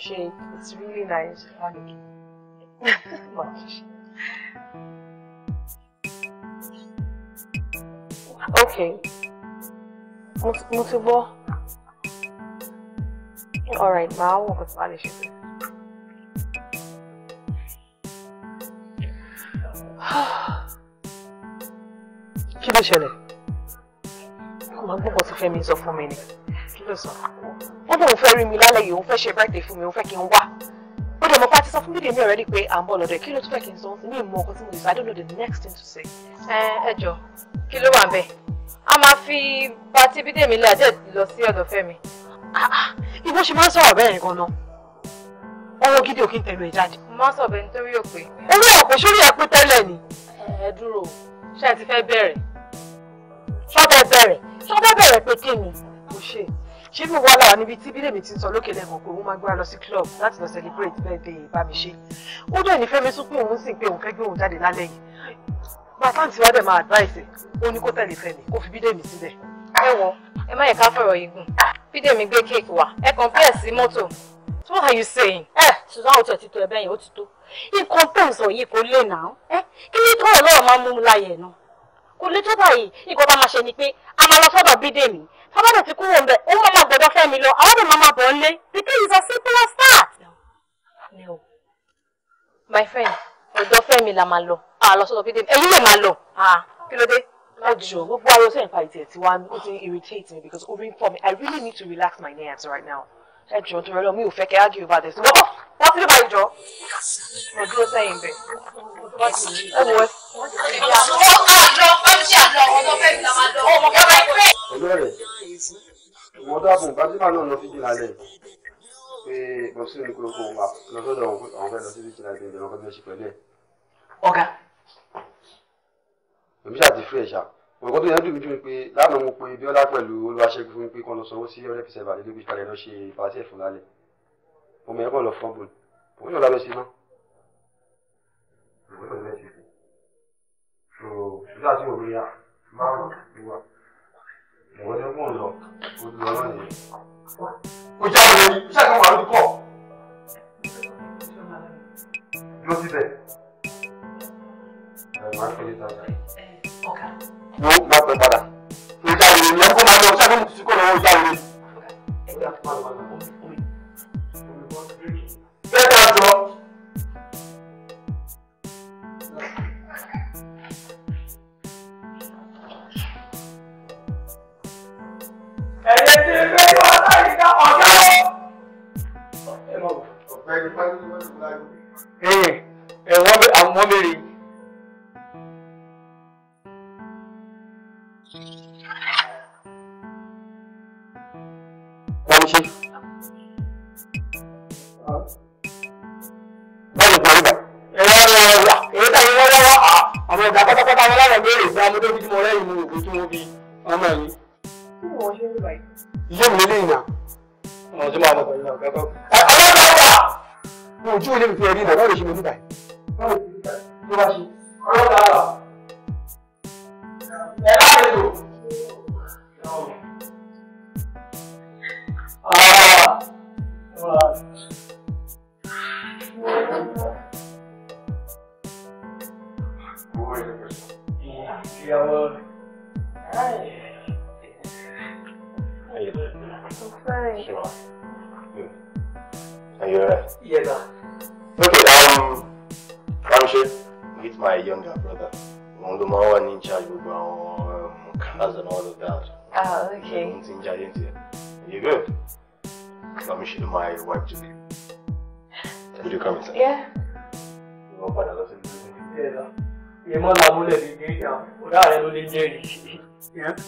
showing. It's really nice. Thank you. Much. Okay. Mutubo. All right, ma, I'll walk with Spanish. Kí ló ṣẹlẹ̀? Ọmọ gbọ́kọ̀ ti fẹ́ mi sọ fún mi ni. Kí ló fẹ́ rí mi lálẹ́ yìí òun fẹ́ ṣe birthday fún mi òun fẹ́ kí n wá ó dẹ̀ mọ̀ pé a ti sọ fún bídèmí ọ̀rẹ́dì pé à ń bọ̀ lọ́dọ̀ kí ló tún fẹ́ kí n sọ fún mi mọ ọkọ tí mo lè sọ I don't know the next thing to say. ẹ ẹ jọ kí ló wà bẹ́ẹ̀ a máa fi patí bídèmí lẹ àdé lọ sí ọ̀dọ̀ Fẹ́mi. Ah, ah, ìwọ ṣe máa ń sọ̀rọ̀ bẹ́ẹ̀ gan-an ọ̀rọ̀ gidi òkè tẹ̀lé ẹ̀ e jáde. mo máa ń sọ̀bẹ̀ nítorí òpè. orí ọ̀pẹ sórí ẹ̀pẹ́ tẹ́lẹ̀ ni. ẹ dúró ṣé ẹ ti fẹ́ bẹ̀rẹ̀. ṣọ́bẹ̀ bẹ̀rẹ̀ ṣọ́bẹ̀ bẹ̀rẹ̀ pé kí ni. kò ṣe ṣé bí wàhálà wà níbi tí bílẹ̀mì ti ń sọ lókè lẹ́mọ̀ pé òun máa gbéra lọ sí club láti lọ celebrate birthday Bámiṣé ó dẹ̀ ní Fẹ́mi sún pé òun sì pé òun fẹ́ gbé òun jáde lálẹ́ yìí bàtàǹtì wa dẹ̀ máa advice ó ní kó tẹ̀lé Fẹ́mi kó fi bílẹ̀mì sílẹ̀ ẹ wọ ẹ má yẹ ká fọ̀rọ̀ yìí gùn bídèmí gbé kéèkì wá ẹ compare sí mọ́tò what are you saying. ẹ ṣùgbọ́n àwọn ọ̀tí tó ẹ bẹ́yìn ó ti tó nǹkan tó ń sọ yìí kò lè nà án ẹ kí ní tọ́rọ̀ lọ́rọ̀ máa ń mú mu láyẹ̀ náà kò lè sábàdàn ti kúrò ńbẹ òun máa gbọ́dọ̀ fẹ́ mi lọ àwọn ọdún máa bọ̀ ńlé the as simple as that. no no my friend ọ̀dọ̀ Fẹ́mi la máa lọ àá lọ sọ́dọ̀ fídíò èyí lè máa lọ kí Joe, what Ọjọ gbogbo ayọ sẹ́yìn pa ìtì irritate me because orí ń fọ́ I really need to relax my nerves right now. Hey Joe, tó rẹ me mi ò argue about this. Wọ́n wọ́n ti lè báyìí jọ. Mo dúró sẹ́yìn bẹ̀. Ẹ wọ ẹ. Ó máa lọ, bá mi ṣe àjọ àwọn ọmọ fẹ́ ìwọ dábùn gbajúmọ̀ náà lọ fíjì lálẹ́ pé bọ́sí ní kúròkó wà lọ́sọ̀dọ̀ àwọn fẹ́ lọ sí fíjì lálẹ́ ìjọba ọkọ̀ mẹ́sì pẹ̀lú ẹ̀. ọ̀gá. èmi ṣàti fún ẹ̀ṣà òkò tó yẹn dùn mí jù pé lánàá mo pe Bíọ́lá pẹ̀lú Olúwaṣẹ́gun fún mi pé kán lọ sanwó sí ọ̀rẹ́ fìṣẹ́ ìbàdí lóbi ìpàdé lọ ṣe ìpàṣẹ ìfún lálẹ́ ọmọ yẹn kàn lọ fọ́n bò òun yóò lábẹ́ sí náà. òun yóò lábẹ́ sí fún un. ṣùgbọ́n àti òun yá máa ń wà ìwọ ni ó mọ̀ lọ ó lọ náà nìyẹn. ó jáde lórí iṣẹ́ kan wà lórí kọ́. F E ẹ̀yin lè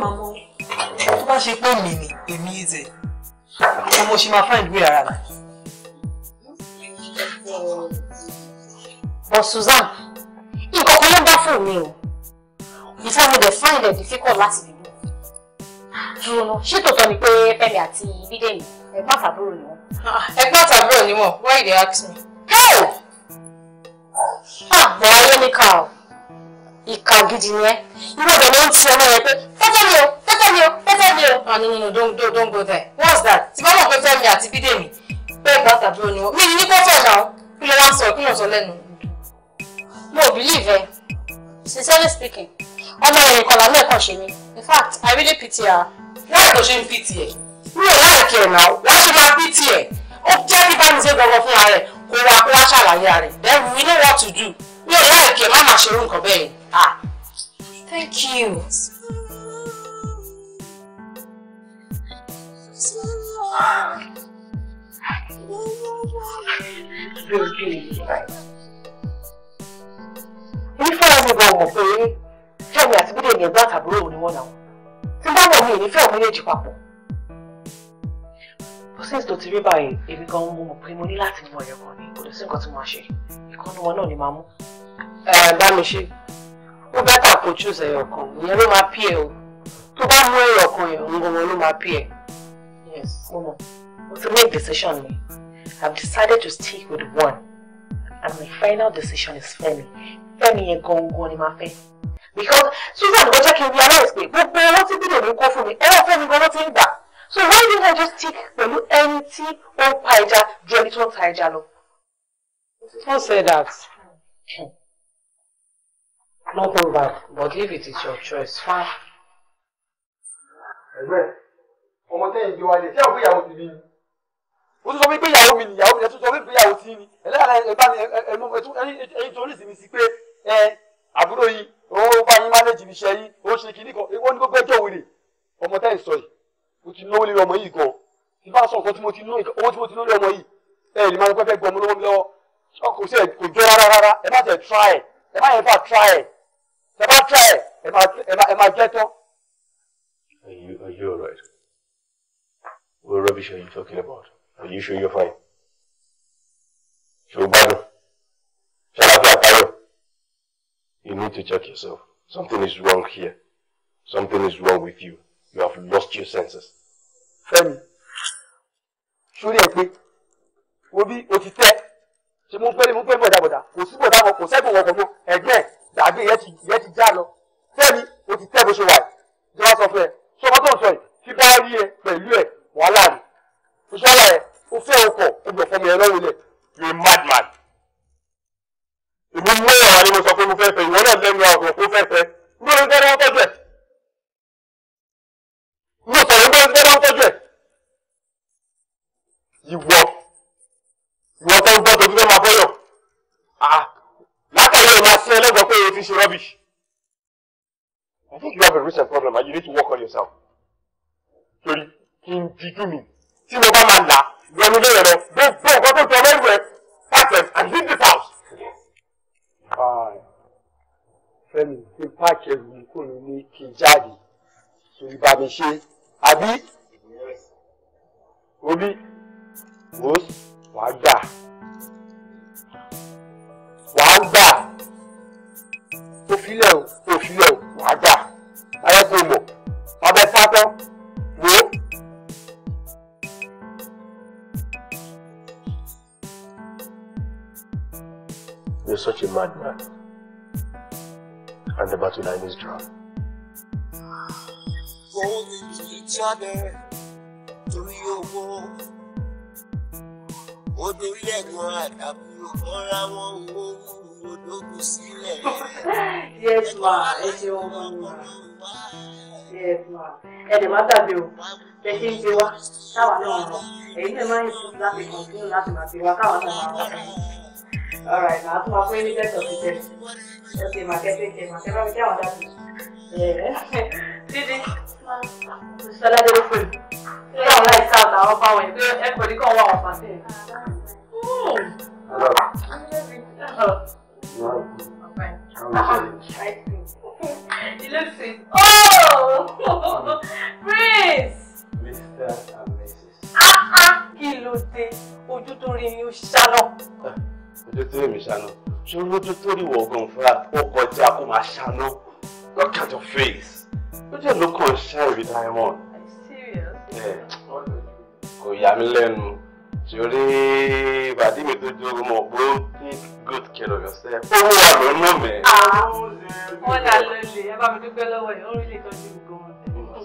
máa mọ̀ tó bá ṣe pé mi ni èmi ìzẹ ọmọ mo ṣe máa fáìn ìwé ara rẹ. but Susan nǹkan kan ló bá fún mi o ìtàwọn ìdẹ fáìn ìdẹ difficult láti dúró ná ṣé tòótọ́ ni pé Fẹ́mi àti Bídèmí ẹ̀gbọ́n àtàbúrò ni wọ́n. Ah, ẹ̀gbọ́n àtàbúrò ni wọ́n why you dey ask me. àbọ̀ ayé mi kà ọ́ ìkà gidi ni ẹ́ ìwọ ọ̀dọ̀ ló ń ti ọmọ yẹn pé tẹ́tẹ́ mi o tẹ́tẹ́ mi o tẹ́tẹ́ mi o. ah no no no don't don't don't go there what's that tí wọ́n mọ̀ pé Fẹ́mi àti Bídèmí pé ẹ̀gbọ́n àtàbúrò ni wọ́n mi ní kó fẹ́ náà kí ló wá ń sọ kí ló sọ lẹ́nu. mo believe ẹ sincerely speaking ọmọ ẹ̀yìn kọlà náà kàn ṣe mí in fact i really pity her láì lọ ṣe ń pìtì ẹ̀ mi ò láìkí ẹ̀ náà láti máa pìtì ẹ̀ ó jẹ́ kí bá mi ṣe gbọ̀ngàn fúnra rẹ̀ kó then we know what to do mi ò láìkí ẹ̀ má máa ṣerú nǹkan bẹ́ẹ̀ ah thank you. Ifá ẹni gan mọ̀ pé Fẹ́mi àti Bídèmí ẹ̀gbọ́n àtàbúrò ni wọ́n náà tí bá wọ̀ mi ìnífẹ́ òun méjèèjì papọ̀ process tó ti rí báyìí èmi gan mo mọ̀ pé mo ní láti mú ẹ̀yọ̀ kan ní kò lè sí nǹkan tí mo máa ṣe ìkànnì wọn náà ni màá mú. ẹ bá mi ṣe ó bẹ́tà kó choose ẹ̀yọ̀ kan ìyẹn ló máa pí ẹ o tó bá mú ẹ̀yọ̀ kan yẹn ń gan wọn ló máa pí ẹ. yes mo mọ̀ mo ti make decision mi I've decided to stick with one and my final decision is Fẹ́mi Fẹ́mi yẹn gangan ni màá fẹ́ because susan ló can kí n realize pé but by what bídè mi kó fún mi ẹ̀rọ fẹ́ mi gan-an ti ń gbà so why didn't I just take pẹ̀lú ẹni tí ó ń pa it on ẹni tó ń ta who said that? Nothing bad, but leave it is your choice fine. you ẹgbẹ́ ọmọ tẹ́yìn gbé wálé tí àwọn ìyàwó ti ní o tún sọ pé ìyàwó mi nìyàwó mi ẹ tún sọ pé ìyàwó ti ní ẹlẹ́yàrá ẹ bá mi ẹ ẹ ẹ ẹ torí ìsinmi sí pé ẹ àbúrò yìí ó bá yín mánéjì fi ṣe yín ó ṣe kínní kan ó ní kó gbẹ́jọ́ wèrè ọmọ tẹ́ ẹ̀ sọ yìí mo ti náwó lé ọmọ yìí gan tí bá sọ nǹkan tí mo ti ná owó tí mo ti ná lé ọmọ yìí ẹ lè máa ń pẹ́fẹ́ gbọmọ lọ́wọ́ mi lọ́wọ́ kò sí ẹ kò jọ rárá rárá ẹ má tẹ̀ try ẹ má yẹn fà try ẹ má try ẹ má jẹ́ tán. Are you, are you alright? What rubbish are you talking about? Are you sure you're fine? Ṣé o gbádùn? You need to check yourself. Something is wrong here. Something is wrong with you. You have lost your senses. Femi, sórí I pé obi o ti tẹ́ ṣe mo ń pẹ́ mo ń pẹ́ bọ̀dàbọ̀dà kò sí bọ̀dà wọn kò sẹ́gun wọn kò mú ẹ̀gbẹ́ ẹ̀ dàbí ìyẹn ti ìyẹn ti já lọ. Fẹ́mi, o ti tẹ́ bó ṣe wà yìí. Ìjọba sọ fún ẹ, ṣé ọmọ tó ń sọ yìí fi bá rí ẹ pẹ̀lú ẹ wàhálà rẹ̀. Oṣù ọlá ẹ, o fẹ́ ọkọ̀ o gbọ̀ fọmọ ẹ lọ́wọ́ ilẹ̀. You a madman ìlú mú èèyàn wálé mo sọ pé mo fẹ́ fẹ́ ìwọ náà lẹ́nu àwọn òkú fẹ́ fẹ́ gbọ́dọ̀ gbọ́dọ̀ wọ́n tọ́jú ẹ̀ mo sọ̀rọ̀ gbọ́dọ̀ gbọ́dọ̀ wọ́n tọ́jú ẹ̀ ìwọ ìwọ tó ń gbọ́ tó ti máa bọ́yọ̀ látàrí ẹ̀ máa sí ẹlẹ́gbọ̀n pé èyí ti ṣe rubbish. I think you have a recent problem and you need to work on yourself. Torí kí n dijú mi tí mo bá máa là lọ́nu lé ẹ̀rọ gbogbo nǹkan tó jọ lẹ́nu ẹ̀ pàtẹ́ and leave the fẹ́mi fi páàkì ẹrù mi ní kí n jáde torí bá mi ṣe àbí omi wò wàá gbà wàá gbà òfilẹ̀ o òfilẹ̀ o wàá gbà ayé kò mọ̀ abẹ́ pátọ́ wò. You're such a madman and the battle line is drawn. Holding each other through your wall. Odò lẹ́gùn àdàbò ọ̀rá wọn wò odògùn sílẹ̀. Yes ma, ẹ ṣe ọmọ wa. Yes ma, ẹ dẹ̀ má dàbí o. Bẹ́ẹ̀ ṣe ń gbé wá, táwa náà lọ. Èyí tẹ̀ máa ń sùn láti kàn fún láti máa gbé wá káwa náà máa wá. All right, màá tún wá pé ní bẹ́ẹ̀ tọ̀ sí bẹ́ẹ̀. Ok, ma kẹ́kẹ́ kẹ́ ma kẹ́kẹ́ bá mi kí àwọn dáàbò. Dídí, Sọlá dé ló fún mi. Ṣé àwọn láì sáà làwọn bá wọn pé ẹ kò ní kàn wá wọn fàṣẹ? He looks sweet. Oh! Prince! Mr. and Mrs. Ah ah! Kí ló dé? Ojú tó rí mi ó ṣáná. Ah, ojú tó rí mi ṣáná tó lójú tó rí wọ̀ọ̀gàn fúnra ó kọjá kó máa ṣáná look at your face ó jẹ́ ló kàn ṣẹ́ẹ̀rì diamond. kò yà mí lẹ́nu torí ìbàdí mi tó to mọ̀ pé ó take good care of yourself. ó wà lọ́nà mẹ́. Ah, wọ́n là lọ́lẹ̀ ẹ bá mi dúpẹ́ lọ́wọ́ ẹ̀ ó rí lè tọ́jú gbogbo wọn.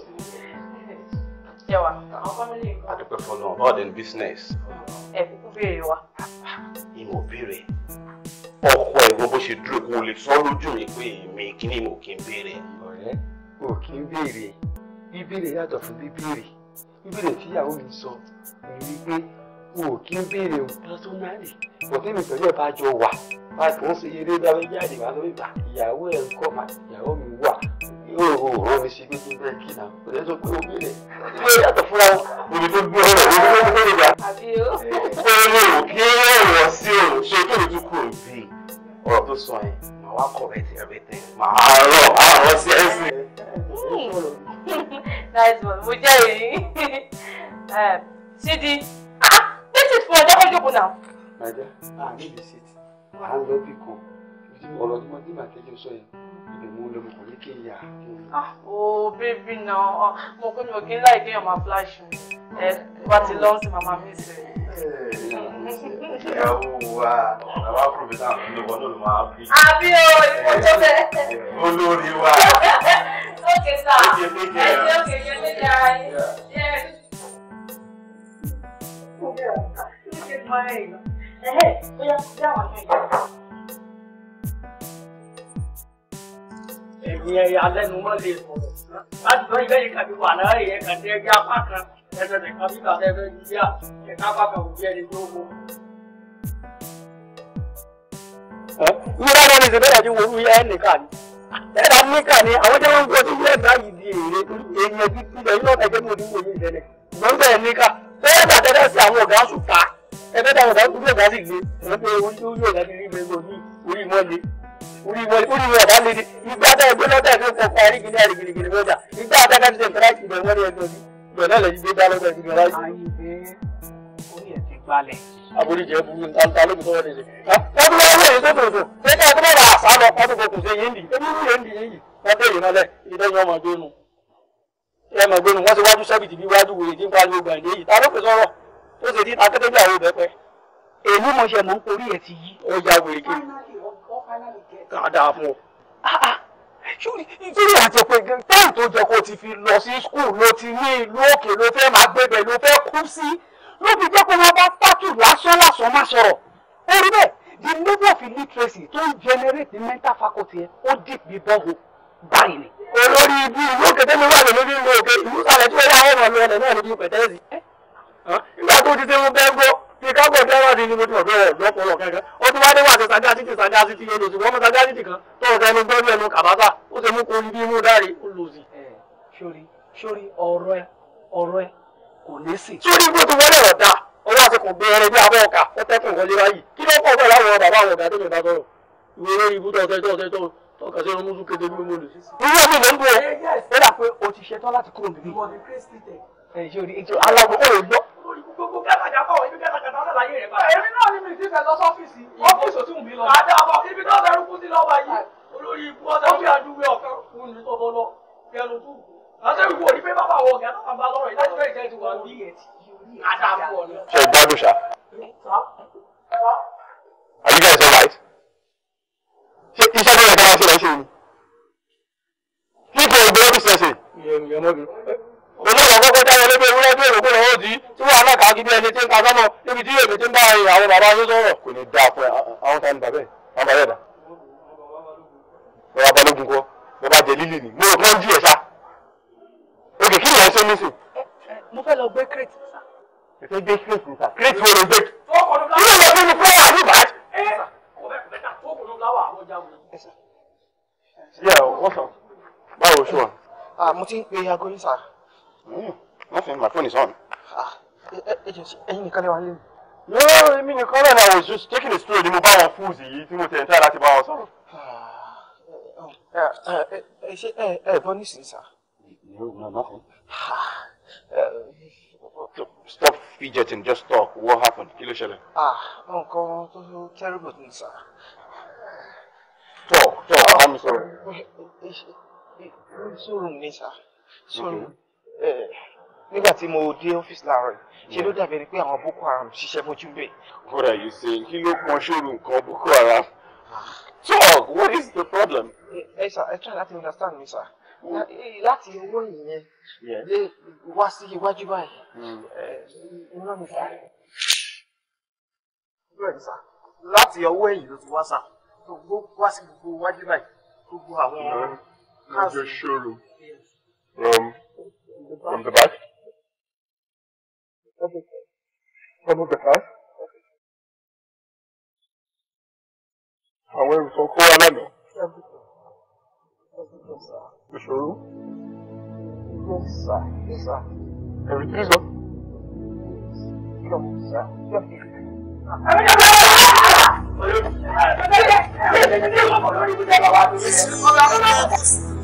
jẹ́wà àwọn fámìlì kan. àdúpẹ́ all in business. ẹ̀ kúkú béèrè wa. ìmọ̀ béèrè ọkọ ẹ̀gbọ́n bó ṣe dúró kó lè sọ lójú mi pé èmi kí ni mo kì í béèrè. ọ̀rẹ́ o kì í béèrè bíbéèrè yàtọ̀ fún bíbéèrè bíbéèrè tíyàwó mi sọ èyí pé o kì í béèrè o pásọ́nálì bọ̀dẹ́mi pẹ̀lú ẹ̀ bá jọ wà bá a kì í ṣe eré bá fẹ́ jáde wà lórí ìta ìyàwó ẹ̀ ń kọ́ mà ìyàwó mi wà yóò hó ọ̀rọ̀ mi sí gbígbé bẹ́ẹ̀ kì náà kò dẹ́ sọ pé ó bẹ̀rẹ̀ ìwé yàtọ̀ fúnra òbí tó gbé ọ̀rọ̀ òbí tó gbé ọ̀rọ̀ kó lè rò kí ó rọ̀ sí òun ṣe kí òun tún kúrò bí ọ̀rọ̀ tó sọ yẹn màá wá kọ̀ rẹ̀ sí ẹ̀rẹ̀tẹ̀ màá rọ̀ màá rọ̀ sí ẹ̀sìn. nice one mo jẹ́ èyí eh, Sidi ah this is for ọjọ́ kọjọ́ kù náà. my dear i need a seat i love you come tí ọ̀rọ̀ tí mo nígbà tẹ́jọ́ sọ yẹn ibẹ̀ mo lọ mo kàn ní kí n yà á kí n. o bébí náà mo pé mi ò kí ń láì kéèyàn máa flash mi ẹ wá ti lọ́ọ́ sí màmá mi sí. ìyàwó wa àwa pòfẹ́sà àwọn ọmọ náà ló máa bí. àbí o ìfọ̀ tó bẹ́ẹ̀. olórí wa. ókè sá ẹ ṣe ókè yẹn lé dára yín. Yeah, look at mine. Hey, hey, we have to go on here. ìyẹn ìyàlẹ́numọ́ lè sọ̀rọ̀ láti tọ́ ilé yìí kàbí wà láàyè yẹn kàdé ẹgbẹ́ apá kan ẹsẹ̀ nìkan bí bàbá ẹgbẹ́ yìí yá ẹ̀ka bá kan òbí ẹni tó wọ. irú dáadáa ní ìṣẹ̀lẹ̀ yẹn ti wo orí ẹ̀ nìkan ni ẹ̀dá nìkan ni àwọn jẹ́ wọ́n gbọ́ sí ilé ẹ̀dá yìí di èrè èèyàn bí tilẹ̀ yóò tẹ̀jẹ́ mọ́ oníwò yìí ìṣẹ̀lẹ̀ ṣùgbọ́n bẹ́ẹ̀ nìkan bẹ́ẹ̀ bàtẹ́rẹ́ sí àwọn ọ̀gá sùn ta ẹgbẹ́ táwọn ọ̀gá sùn bí ọ̀gá sì gbé ẹgbẹ́ orí orí ọ̀gá ti rí gbẹ̀gbẹ̀ orí orí mọ́lẹ̀ wuri da halili igba ta igbe lọta fi ko fari gini ari gini gini lọta igba ta ka ti se fara kìlọ wọn yẹn tóbi bẹ́ẹ̀ náà lẹbi gbé dá lọta ti gbẹrẹ ayé. abolijẹ buru ntanta lóbi tó wọlé ṣe. wọn tún wọn wọlé tó tòótò ṣé kí ẹ tó bá wà àṣà lọ kọ́ tó kò kò ṣe yé ndì ebi wúlò ndì yé yìí wọn tẹ èyí mọ́lẹ̀ ìdẹ́yìn ọmọ gbénu ẹ mọ̀ gbénu wọ́n ti wájú sẹ́bìtì bí wájú wòye tí ń pariwo gbàǹdé yìí ta ló pè sọ̀rọ̀ tó ṣe ní akẹ́tẹ́gbẹ́ àwọn ìbẹ́pẹ́ èlú mọ̀ṣẹ́ mọ̀ ń ẹ̀ ti yí ọjà wòye kiri dáadáa fún ọ. Tírí àti pé táì tó jẹ́ kó ti fi lọ sí skul ló ti ní ìlú òkè ló fẹ́ máa gbébẹ̀ ló fẹ́ kú sí ló fi jẹ́ pé wọ́n bá pàtó lásán lásán má sọ̀rọ̀. Ó rí bẹ́ẹ̀ the level of illiteracy tó ń generate the mental faculty ẹ̀ ó dì bí bọ́ọ̀hù báyìí ni. Olórí ibi ìlú òkè tẹ́mi wà lórí ìlú òkè ìlú sàlẹ̀ tí wọ́n yá ọ̀rọ̀ lọ́rẹ̀ náà lórí ìpẹ̀tẹ́sì. Nígbà eh? tó ti ṣe mo bẹ́ẹ̀ gbọ́ ti kágò dẹ́rọ̀ ni mo ti mọ̀ bẹ́ẹ̀ lọ́pọ̀lọ́ kẹ́kẹ́ ó ti wá dé wà sí sàdáàsìtì sàdáàsìtì olùsì wọ́n mọ sàdáàsìtì kan tó ọ̀tẹ́ ẹnu gbẹ́rù ẹnu kàbátà ó ti mú kó ní bí mú dáre olùsì. sórí sórí ọ̀rọ̀ ẹ ọ̀rọ̀ ẹ kò ní sí. sórí bó ti wọlé ọ̀dà ọwọ́ àti kò gbẹ̀rẹ̀ bí abọ́ ọ̀kà ó tẹ́kùn wọlé báyìí kí ló pọ̀ bẹ́ẹ̀ àlàyé rẹ̀ bá. èmi náà ni mi ti fẹ́ lọ sọ́fíìsì ọ́fíìsì òtún mi lọ. àdá ọkọ ibi tó fẹ́ rúkú sí lọ́wọ́ yìí olórí ibú ọ̀sẹ̀ fi àdúgbò ọ̀kan kún ní tó bọ́ lọ kẹlu kú. àti òní pé bàbá wọ ọ̀gá bàbá lọ́rọ̀ ìdájọ́ bẹ́ẹ̀ jẹ́ ìtura bí ẹ̀tì Are you guys alright? iṣẹ́ tó yẹ kí ṣe ni. kí kò gbé ọ́fíìsì lẹ́sìn kọjá wọlé bí ewúrẹ́ bí èrò gbọ́dọ̀ òdì tí wọ́n náà kàá kíbi ẹni tí ń ka sọ́mọ níbi tí èmi ti ń bá àwọn bàbá yín sọ̀rọ̀ kò ní dáa fún àwọn tá ní bàbá ẹ̀ àwọn bàbá ẹ̀ dà. bàbá balógun kọ bàbá jẹ lílì ni mo kàn jí ẹ sá òkè kí ni ẹ ṣe nísìn. mo fẹ́ lọ gbé crate sá. ìfẹ́ gbé crate sá crate wo ló gbé. ilé ìwé fún mi fún wa ní ìbàdí. yẹ ọ wọ́n sọ báwo ṣùgbọ́n. Ah, mo ti ń pe aago ní sáà. Nothing, my phone is on. Ah, Eh. Eh. Eh. lè wá mean you No, èmi I was just taking a stroll ni mo bá wọn fools yìí tí mo tẹ̀ ń tẹ́ láti bá Eh. Eh. Eh. ṣe ẹ ẹ bọ́ nísìnyí sá. No, no, nothing. Stop fidgeting, just talk. What happened? Kí ló Ah, Uncle, terrible ni sir. Talk, talk, I'm sorry. Sọ̀rọ̀ mi sá. Sọ̀rọ̀ nígbà tí mo dé ọ́fíìsì láàárọ̀ ṣe ló hmm. dàbí ẹni pé àwọn boko haram ṣiṣẹ́ mọ́jú bẹ́ẹ̀. what are you saying kí ló pọn ṣòro nǹkan boko haram talk what is the problem. ẹ sà ẹ try láti understand mi sà hmm. láti owó ìyẹn lè wá sí iwájú báyìí hmm. iná mi sà. bẹ́ẹ̀ni sà láti ọwọ́ ẹ̀yìn ló ti wá sà gbogbo wá sí gbogbo iwájú báyìí gbogbo àwọn. lọ́jọ́ Um, on the back everything. Prabhupada, everything. Àwọn ẹrù sọ kó wá lánàá. Ìṣòro. Yes, sir. Yes, sir. Everything is up. No, sir. No. Ọlọ́run.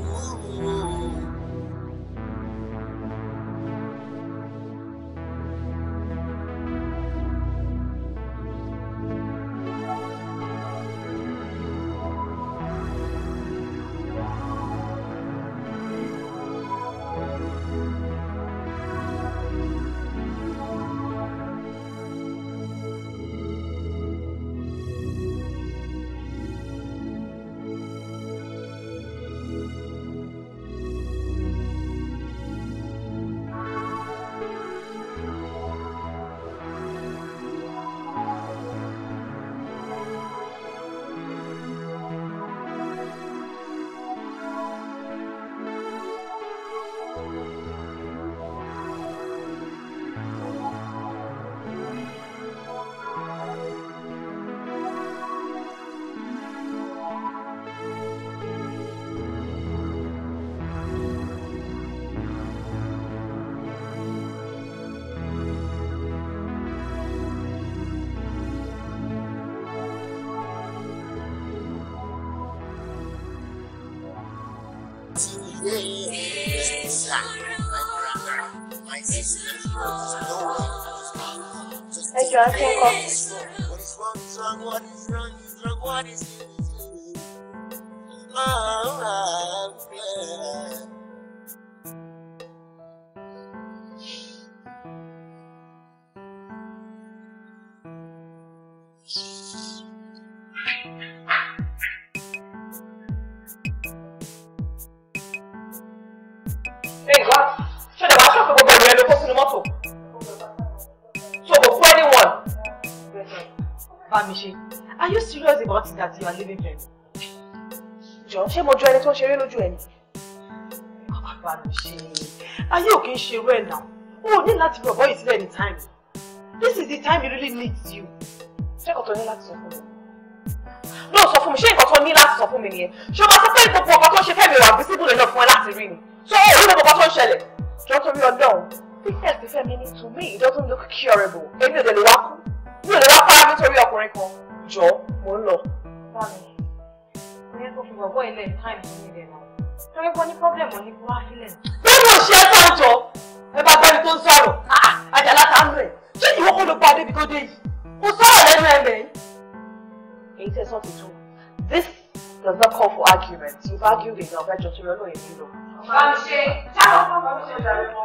mi are you serious about it that you are leaving them John? She mo jọ ẹni tó ń ṣeré lójú ẹni bá mi Are you okay, kí ń ṣerú ẹ̀ náà o ò ní láti fi ọ̀bọ time this is the time he really needs you ṣẹ́kọ̀ọ́ out ní last sọ No, so ló sọ fún mi ṣé nǹkan tó ní láti sọ fún mi nìyẹn ṣé o máa sọ pé gbogbo nǹkan visible enough fún last láti rí so ó rí gbogbo nǹkan tó ń ṣẹlẹ̀ jọ torí ọlọ́run fitness ti fẹ́mi ní to me it doesn't look curable èmi ò dẹ̀ lè mi ò lè wá pa nítorí ọkùnrin kan jọ mò ń lọ. báyìí o fi bàbá ilé time ní ilé náà torí kò ní problem ò ní kó wá sílẹ̀. bẹ́ẹ̀ni ò ṣe ẹ̀ka ọ̀jọ́ ẹ bá gbẹ́ni tó ń sọ̀rọ̀ àjàlá ta ń rẹ̀ ṣé ìwọ kò ló pa débi tó dé yìí kò sọ̀rọ̀ lẹ́nu ẹ̀ mẹ́yìn. èyí tẹ sọ this does not call for argument you've argued enough ẹjọ tó lọ lóye nílò. bá know ṣe táwọn fọwọ́ mi ṣe dàrú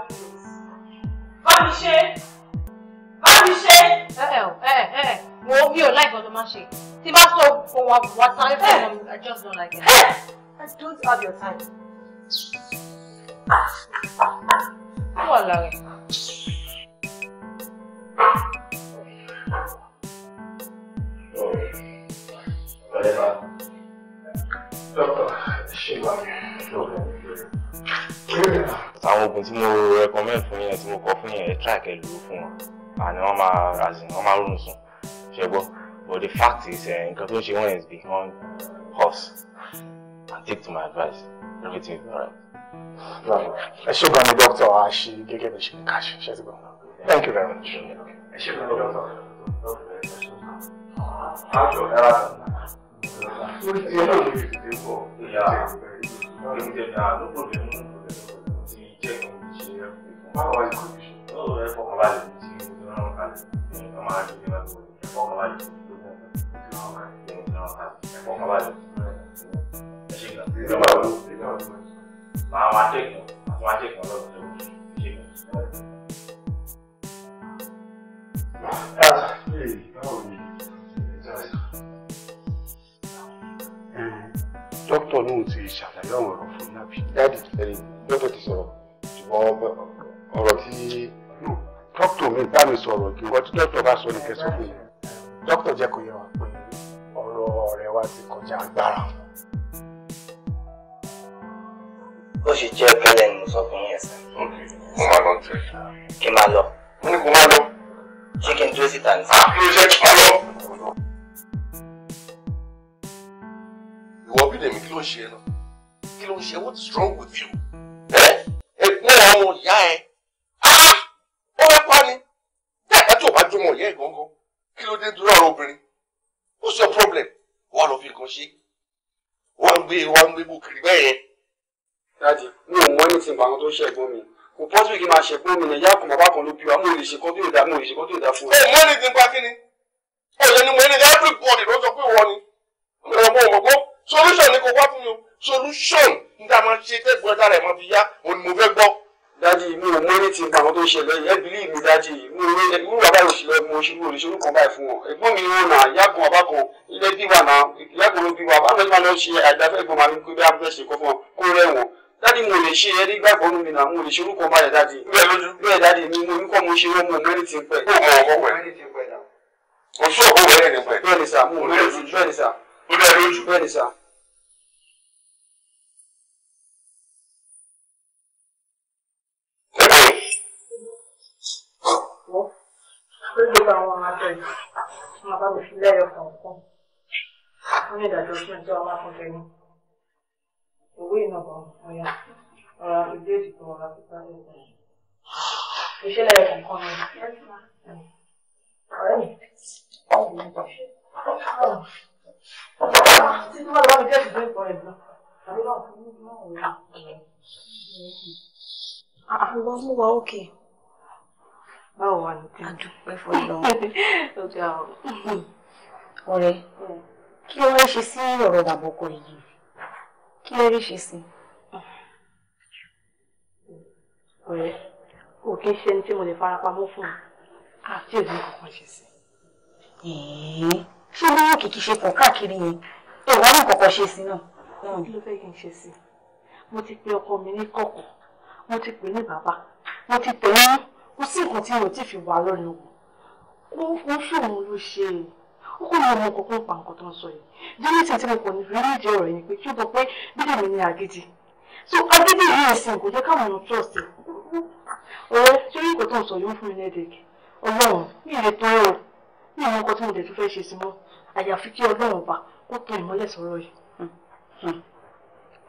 rí ṣe. ẹ ẹ ẹ ẹ wo mi ò láì gbọdọ máa ṣe tí bá sọ òun wà sáré fún ọmọ I just don't like it. I don't have your time. ó wà lára ẹ. Whatever. Doctor, she was àwọn oògùn tí mo recommend fún yẹn tí mo kọ fún yẹn ẹ track ẹ lò ó fún wọn and wọ́n as in wọ́n máa rún sùn but the fact is nǹkan tó ṣe wọ́n is beyond us and take to my advice everything is alright. ẹ ṣe gbọ́n the doctor. wa ṣe gẹ́gẹ́ me ṣe cash. She has to go. thank you very much. ẹ ṣe gbọ́n ní dókítà wa. Àjọ ẹ̀rọ àti mais de ela é bom trabalho de profissional, tem um trabalho, é bom trabalho. É gigante. Tem trabalho, tem trabalho. Matemática, ọmọ èèyàn yá kùmọ̀ bákan ló bí wa mo lè ṣe kọ́ tó yóò dá mo lè ṣe kọ́ tó yóò dá fún wa. ẹ mọ ní nípa kí ni ẹ lè ní mo ní everybody ló sọ pé ìwọ ni ọmọ òmùgbó solution ni kò wá fún mi o solution ní ta máa ṣe tẹ́gbọ́n dára ẹ̀ máa fi yá òun ni mo fẹ́ gbọ́. dájú mi ò mọ ní ti nǹkan àwọn tó ń ṣẹlẹ̀ yìí ẹ bìlí mi dájú yìí mi ò ní bàbá yóò ṣẹlẹ̀ mo ṣe lóore ṣorú kan báyìí fún wọn ẹ̀gbọ́n mi ni wọn nà ìyá kan ọba kan ilé bí wà náà ìyá kan ló bí wà báwọn ẹgbẹ́ náà ṣe àìdáfẹ́ gbọmọ àbí pé bí a fẹ́ ṣe kọ́ fún wọn kó rẹ̀ wọn ní mo lè ṣe ẹrí gbàgbọ́ nù mí náà mo lè ṣe orúkọ balẹ̀ dáàdì. bẹ́ẹ̀ lójú. bẹ́ẹ̀ dáàdì mi mo ní kọ́ mo ṣe wọ́n mo mẹ́rin ti pẹ́. kó o mọ ọkọ wẹ̀. kò sí ọkọ wẹ̀ ẹ̀rìn pẹ́. bẹ́ẹ̀ ni sà mo mẹ́rin ti bẹ́ẹ̀ ni sà. ó dá lójú. bẹ́ẹ̀ ni sà. gbogbo àwọn aṣọ yìí ọ̀rọ̀ ìdí èsì tó wọ́n láti sáré ìgbà yìí. ìṣẹ̀lẹ̀ ẹ̀kọ́ kan ni. ọ̀rẹ́ mi ọ̀rẹ́ mi bọ̀. títí wọ́n lọ́wọ́ ìdí èsì tó ń pọ̀ ẹ̀ lọ. àbí náà fún mi náà wọ̀ ọ́. àgbọ̀ mú wa òkè. báwo wà ní. àdúpẹ́ fọlọ́. ó ga ọ. ọ̀rẹ́ kí ló ń ṣe sí ọ̀rọ̀ dàbọ̀kọ yìí kí ló ń ṣe sí i. ọ̀rẹ́ kò kí n ṣe ní tí mo lè farapamọ́ fún un àti ah, òní kankan ṣe sí. ṣé lóyún kìkì ṣe kàn káàkiri yẹn tó wà ní kankan ṣe sí náà. kí ló fẹ́ kí n ṣe sí mo ti pe ọkọ mi ní kọ̀kọ̀ mo ti pè ní bàbá mo ti tẹ̀ ẹ́ kó sí nǹkan tí mo ti fi wà lọ́nu wò kó ṣòun ló ṣe é ó kò lè mọ kankan pa nǹkan tó ń sọ yìí jẹ́nìtì tí mo kàn ní rí ìjẹ́ ọ̀rọ̀ yìí pé kí ó gbọ́ pé bídèmí ní agídí so agídí yìí ẹ̀sìn kò jẹ́ káwọn èèyàn trust ọ̀rẹ́ tí kò tó ń sọ yóò fún mi lẹ́dẹ̀ẹ́kì ọlọ́run ní ìrè tó rọ̀ ní ìmọ̀ nǹkan tí mo dẹ̀ tún fẹ́ ṣe sí mọ́ àyàfi kí ọlọ́run ọba kó tan ìmọ́lẹ̀ sọ̀rọ̀ yìí. Hmm, hmm.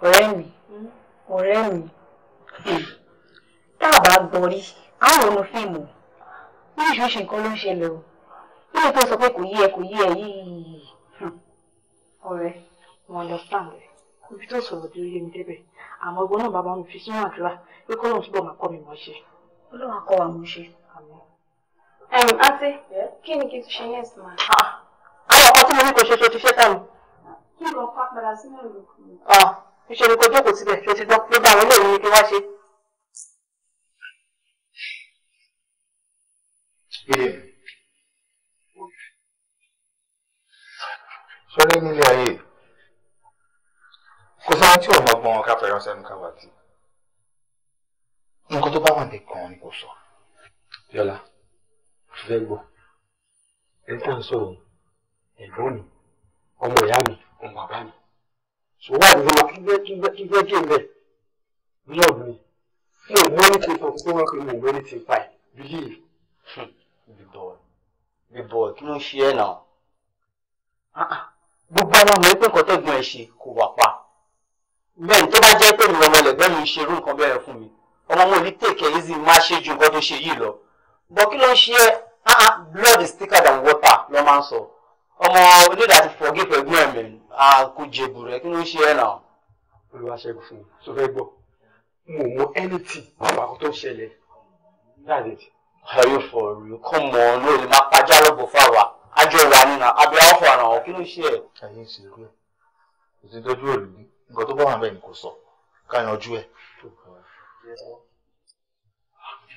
ọ̀rẹ́ mi hmm? ọ̀rẹ́ mi tá a bá gbọ́ rí àwọn ọ̀nà fíìmù oríṣiríṣi nǹkan ló ń ṣẹlẹ̀ o ilé tó sọ pé kò yí ẹ kò yí ẹ yìí. ọ̀rẹ́ mo understand rẹ ibi tó sọ̀rọ̀ bí ó yé mi débẹ̀ àmọ́ ọgbọ́n náà bàbá mi fi sínú àdúrà pé kọ́lọ́run túbọ̀ máa Ọlọ́run akọ wa mo ṣe. Àǹtí, kí ni kí n tún ṣe yẹn sí máa? Àwọn ọkọ tí mo ní kò ṣe ṣe ti ṣe tán. Kí nǹkan pa padà sínú ìlú kù? ni kò jókòó síbẹ̀, ṣe ti gbọ́ pé báwọn ilé ìwé ni kí wá ṣe. Sọ́lé nílé ayé, kò sáwọn tí ò mọ̀ gbọ́n ká fẹ́ràn sẹ́nu káwá tí nǹkan tó bá wà nìkan ni kò sọ. yọlá mo fẹ́ gbọ́ ẹ tá ń sọ̀rọ̀ ẹ̀gbọ́n mi ọmọ ìyá mi ọmọ bàbá mi sọ wà ní ọmọ kígbẹ́ kígbẹ́ kígbẹ́ kí n bẹ̀ ní ọ̀dùn mi mi ò mọ anything for people wọn pé mi ò mọ anything pa ẹ̀ believe. Hmm, big boy big boy kí ló ń ṣe ẹ́ náà gbogbo àwọn ọmọ ẹgbẹ́ nǹkan tẹ́gbọ́n ẹ̀ ṣe kò wà pa bẹ́ẹ̀ ni tó bá jẹ́ pé mi ọmọ ẹlẹgbẹ́ mi ṣe irú nǹkan bẹ́ẹ̀ fún mi ọmọ mo ní take it easy má ṣe ju nǹkan tó ṣe yìí lọ bọ́ kí ló ń ṣe ẹ́ ah, ah, blood is thicker than water ló máa ń sọ ọmọ onídàá ti forgive ẹ̀gbọ́n ẹ̀mí kò jẹ̀bù rẹ̀ kí ló ń ṣe ẹ́ náà. olùwàṣẹ́gun fún mi tó fẹ́ gbọ́ mo mọ anything àwọn àkótó ṣẹlẹ̀ that's it. are you for real come on ló lè máa pàjá lọ́gbọ̀n fáwa àjọ ìwà nínú àbí àwọn fún àwọn kí ló ń ṣe ẹ́. ayé ìṣèlú ẹ kò sí tọ́jú òrùlé nǹkan tó bá wà bẹ́ẹ̀ ni kò sọ ká yanjú ẹ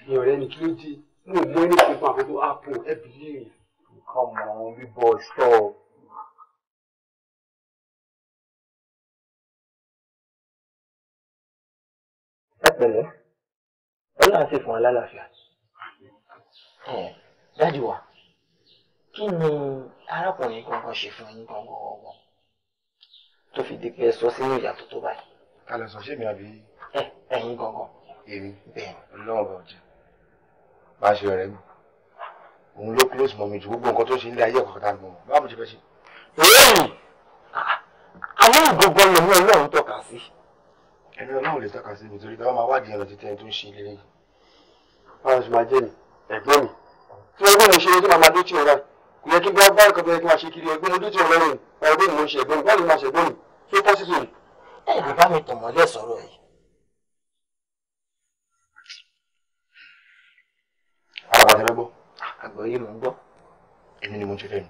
mi ọ̀rẹ́ ni kí ló dé mo mọ ẹni pé fún àkókò àpò ẹbí yìí. come on big boy stop. ẹ pẹ̀lẹ́ ọlọ́run àti fún alálàáfíà dájú wa kí ni arákùnrin kankan ṣe fún yín gangan ọgbọ́n tó fi di pé ẹ sọ sínú ìyàtọ̀ tó báyìí. kalẹ̀ sọ ṣé mi àbí ẹ̀yin gangan. èmi bẹ́ẹ̀ ọlọ́run bá ọjà má ṣe ọ̀rẹ́ mi òun ló close mọ́ mi ju gbogbo nǹkan tó ṣe nílé ayé ọ̀kan tá a mọ̀ báwo mo ṣe fẹ́ ṣe. lẹ́yìn àwọn ìgbọ̀ngàn lèmi ọlọ́run tọ́ka sí. ẹni ọlọ́run lè tọ́ka sí mi torí táwọn máa wádìí ẹ̀rọ títẹ́ tó ń ṣe ilé yìí. báwo ṣe máa jẹ́ mi ẹ̀gbọ́n mi tí ẹgbẹ́ mi ṣe ní tí màmá dó tí ọ̀rẹ́ kò yẹ kí bí wọ́n bá nǹkan tó yẹ kí wọ́n ṣe kiri ẹgbẹ́ mi dó tí ọ̀rẹ́ mi ẹgbẹ́ mi mo ṣe ẹgbẹ́ mi báwo ni ṣe ẹgbẹ́ mi tó pọ́sítì. ẹ bàbá mi tọ̀mọ́lẹ̀ sọ̀rọ̀ yìí àti fẹ́ gbọ́. àgbọ̀ yìí mò ń gbọ́. èmi ni mo ti fẹ́ mi.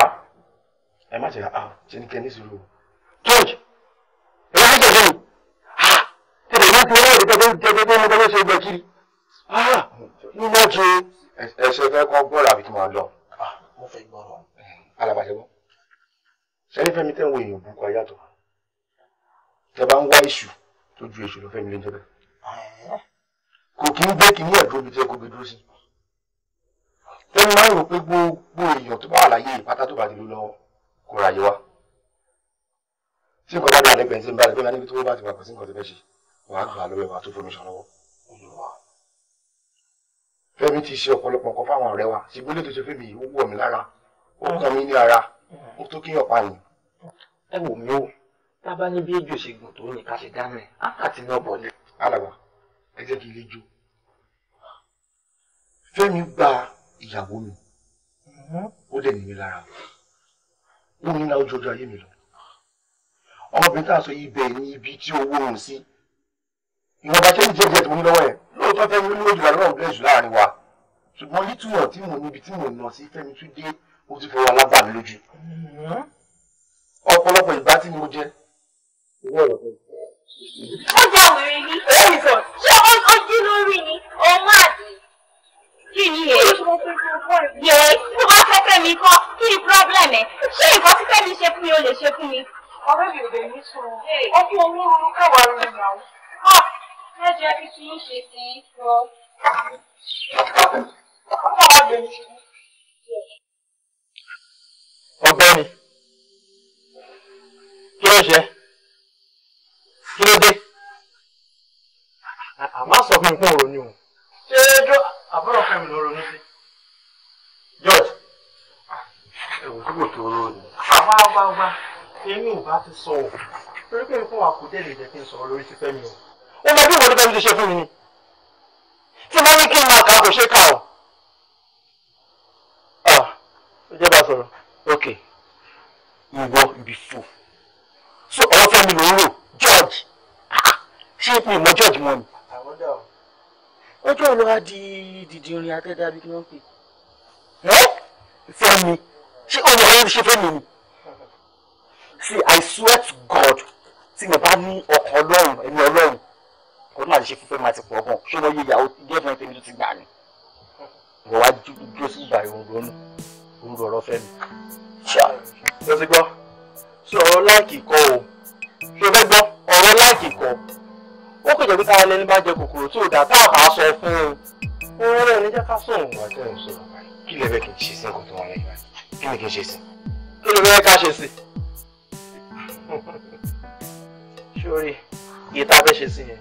a ẹ má ṣe a ah, ṣe ni kẹ́ ní sùúrù o. george ẹ yára jẹ́ sẹ́yìn a ah. tètè ní tiwọn náà nígbà tó ń jẹ́ pé nígbà tó ṣe gbẹ kiri. a ní mọ́tò. ẹ ṣe fẹ́ kọ́ gbọ́dọ̀ àbí kí wọ́n lọ. Ah. mo fẹ́ gbọ́dọ̀. alábàṣẹ gbọ́. sẹ́yìn fẹ́mi tẹ́ ń wo èèyàn burúkú ayàtọ̀ tẹ bá ń wá iṣu tó ju èṣù lọ fẹ́mi lé jẹ́ bẹ́ẹ̀ kò kí ń gbé kínní ẹ̀ dúró bí tó yẹ kó gbé dúró sí. tẹ́lẹ̀ máa ń rò pé gbogbo èèyàn tó bá wà láyé ìpátá tó bá ti lò lọ́wọ́ kò ráyè wá. tí nǹkan bá dà lẹ́gbẹ̀ẹ́ tí ń bá rẹ̀ pé wọ́n níbi tó bá ti wà kò sí nǹkan tó fẹ́ ṣe wàá gbà lọ́wọ́ ìwà tó fomi ṣàlọ́wọ́ olùwà. fẹ́mi ti ṣe ọ̀pọ̀lọpọ̀ nǹkan fáwọn ọ̀rẹ́ wa ṣùgbọ́n lè tó ṣe fẹ́mi ó wọ̀ mí lára ó kàn mí ní a bá ní bí èjò ẹ jẹ́ kí n lè jó fẹ́mi gba ìyàwó mi mm-hmm. ó dẹ̀ ní mi lára ó ní náà ojoojúmọ́ ayé mi lọ ọmọbìnrin tá a sọ ibẹ̀ ní ibi tí owó òun sí ìwọ̀nba tó ń jẹ́ jẹ́ tó ń lọ́wọ́ ẹ̀ lóòótọ́ fẹ́mi ló jù lọ́wọ́ bẹ́ẹ̀ jù láàrin wa ṣùgbọ́n nítumọ̀ tí mò ń níbi tí mò ń lọ sí fẹ́mi tún dé o ti fọwọ́ alábà mi lójú mm-hmm. ọ̀pọ̀lọpọ̀ ìbá tí mo jẹ. ó jà wèrè ní. lẹ́yìn sọ ó jí lórí ni òun àdì kí ni yẹ yẹ tó bá fẹ́ fẹ́mi kọ́ kí ni problem ẹ̀ ṣé nǹkan tí fẹ́mi ṣe fún mi ò lè ṣe fún mi. ọ̀rẹ́ mi ò lè ní sùn ó fún owó orun kẹwàá rẹ̀ nà ó. ẹ jẹ́ kí tún ṣe sí i lọ. ọ̀gbẹ́ni kí ló ṣe kí ló dé má sọ fún mi kún òròyìn o. ṣé jọ àbúrò fẹ́mi ló ronú sí. George ah, ẹ̀wù tí kò tó lónìí. àwa wa wa èmi ò bá ti sọ o torí pé fún wa kò dé lè jẹ́ kí n sọ̀rọ̀ lórí ti fẹ́mi o. ó mọ bí ìwọ tó fẹ́mi ti ṣe fún mi ni tí bá ní kí n máa kà kò ṣe kà o. ó jẹ́ bá sọ̀rọ̀ ok ìwọ bìfò so ọ̀rọ̀ fẹ́mi ló ń rò George ah, ah. ṣé mi ò mọ George mọ́ ni ọjọ́ ìlú wa di dìdì ìrìn àtẹ́dá bí kí wọ́n pè. ẹ Fẹ́mi ṣé o yẹ ṣe Fẹ́mi ni see I swear to God tí mi bá ní ọkàn Ọlọ́run ẹni Ọlọ́run kò ní àṣìṣe fífẹ́ máa ti pọ̀ gan ṣé wọ́n yé ìyàwó gẹ́gẹ́ tẹ́mi tó ti gbà ni wọ́n wá dúró sí ìgbà ìhùn lónìí òun lọ̀rọ̀ Fẹ́mi. ṣé o ti gbọ́ sọ̀rọ̀ láìkì kọ́ o ṣé o fẹ́ gbọ́ ọ̀rọ̀ láìkì kọ́ ó kò jẹ́ pé táwọn ẹni bá jẹ kòkòrò tí ò dá tá a bá sọ fún un òun rẹ̀ ní jẹ́ ká sọ òun àti ẹ̀ sọ kí lè bẹ́ẹ̀ kì í ṣe sí nǹkan tó wọn lẹ́yìn báyìí kí ni kì í ṣe sí. kí lè bẹ́ẹ̀ ká ṣe sí. sórí iye tá a fẹ́ ṣe sí yẹn.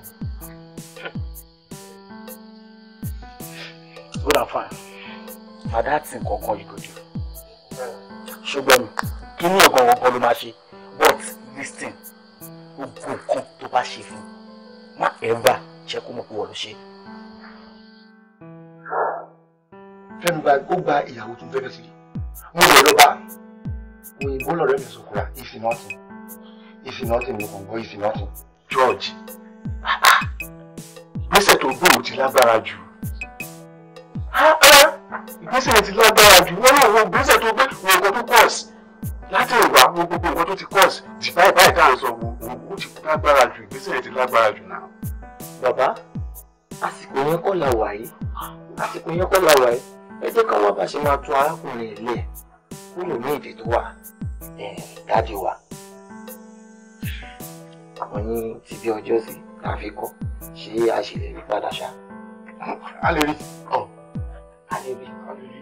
good and fine na that thing kankan you go do ṣùgbọ́n kí ni ọ̀gọ̀ọ̀gọ̀ ló máa ṣe but listen gbogbo nǹkan tó bá ṣe fún un má ẹ̀fà ṣe kó mọ̀ pé wọ́n ló ṣe. fẹ́mi gba ó gba ìyàwó tó ń fẹ́ fẹ́ sí i mo lè lọ bá òyìnbó lọ́rẹ́ mi sọ̀kúra ìsìn náà ìsìn náà tì mo kàn ìsìn náà George ah, ìgbésẹ̀ tó gbòòrò ti lágbára jù ah, ah, ìgbésẹ̀ ti lágbára jù wọ́n náà wo ìgbésẹ̀ tó gbé wọ́n kọ́ tó kọ́ọ̀sì láti ìwà wo gbogbo nǹkan tó ti cause ti báyìí báyìí tá à ń sọ wo ó ti lágbára jù ìgbésẹ̀ yẹn ti lágbára jù náà. bàbá àsìkò yẹn kọ́ la wà yìí àsìkò yẹn kọ́ la wà yìí ẹ jẹ́ káwọn bá ṣe máa tún arákùnrin ilé kúrò ní ìdí tó wà dájú wa àwọn ní ti bí ọjọ́ sí láfi kọ́ ṣé a ṣe lè rí padà ṣá. a lè rí. a lè rí.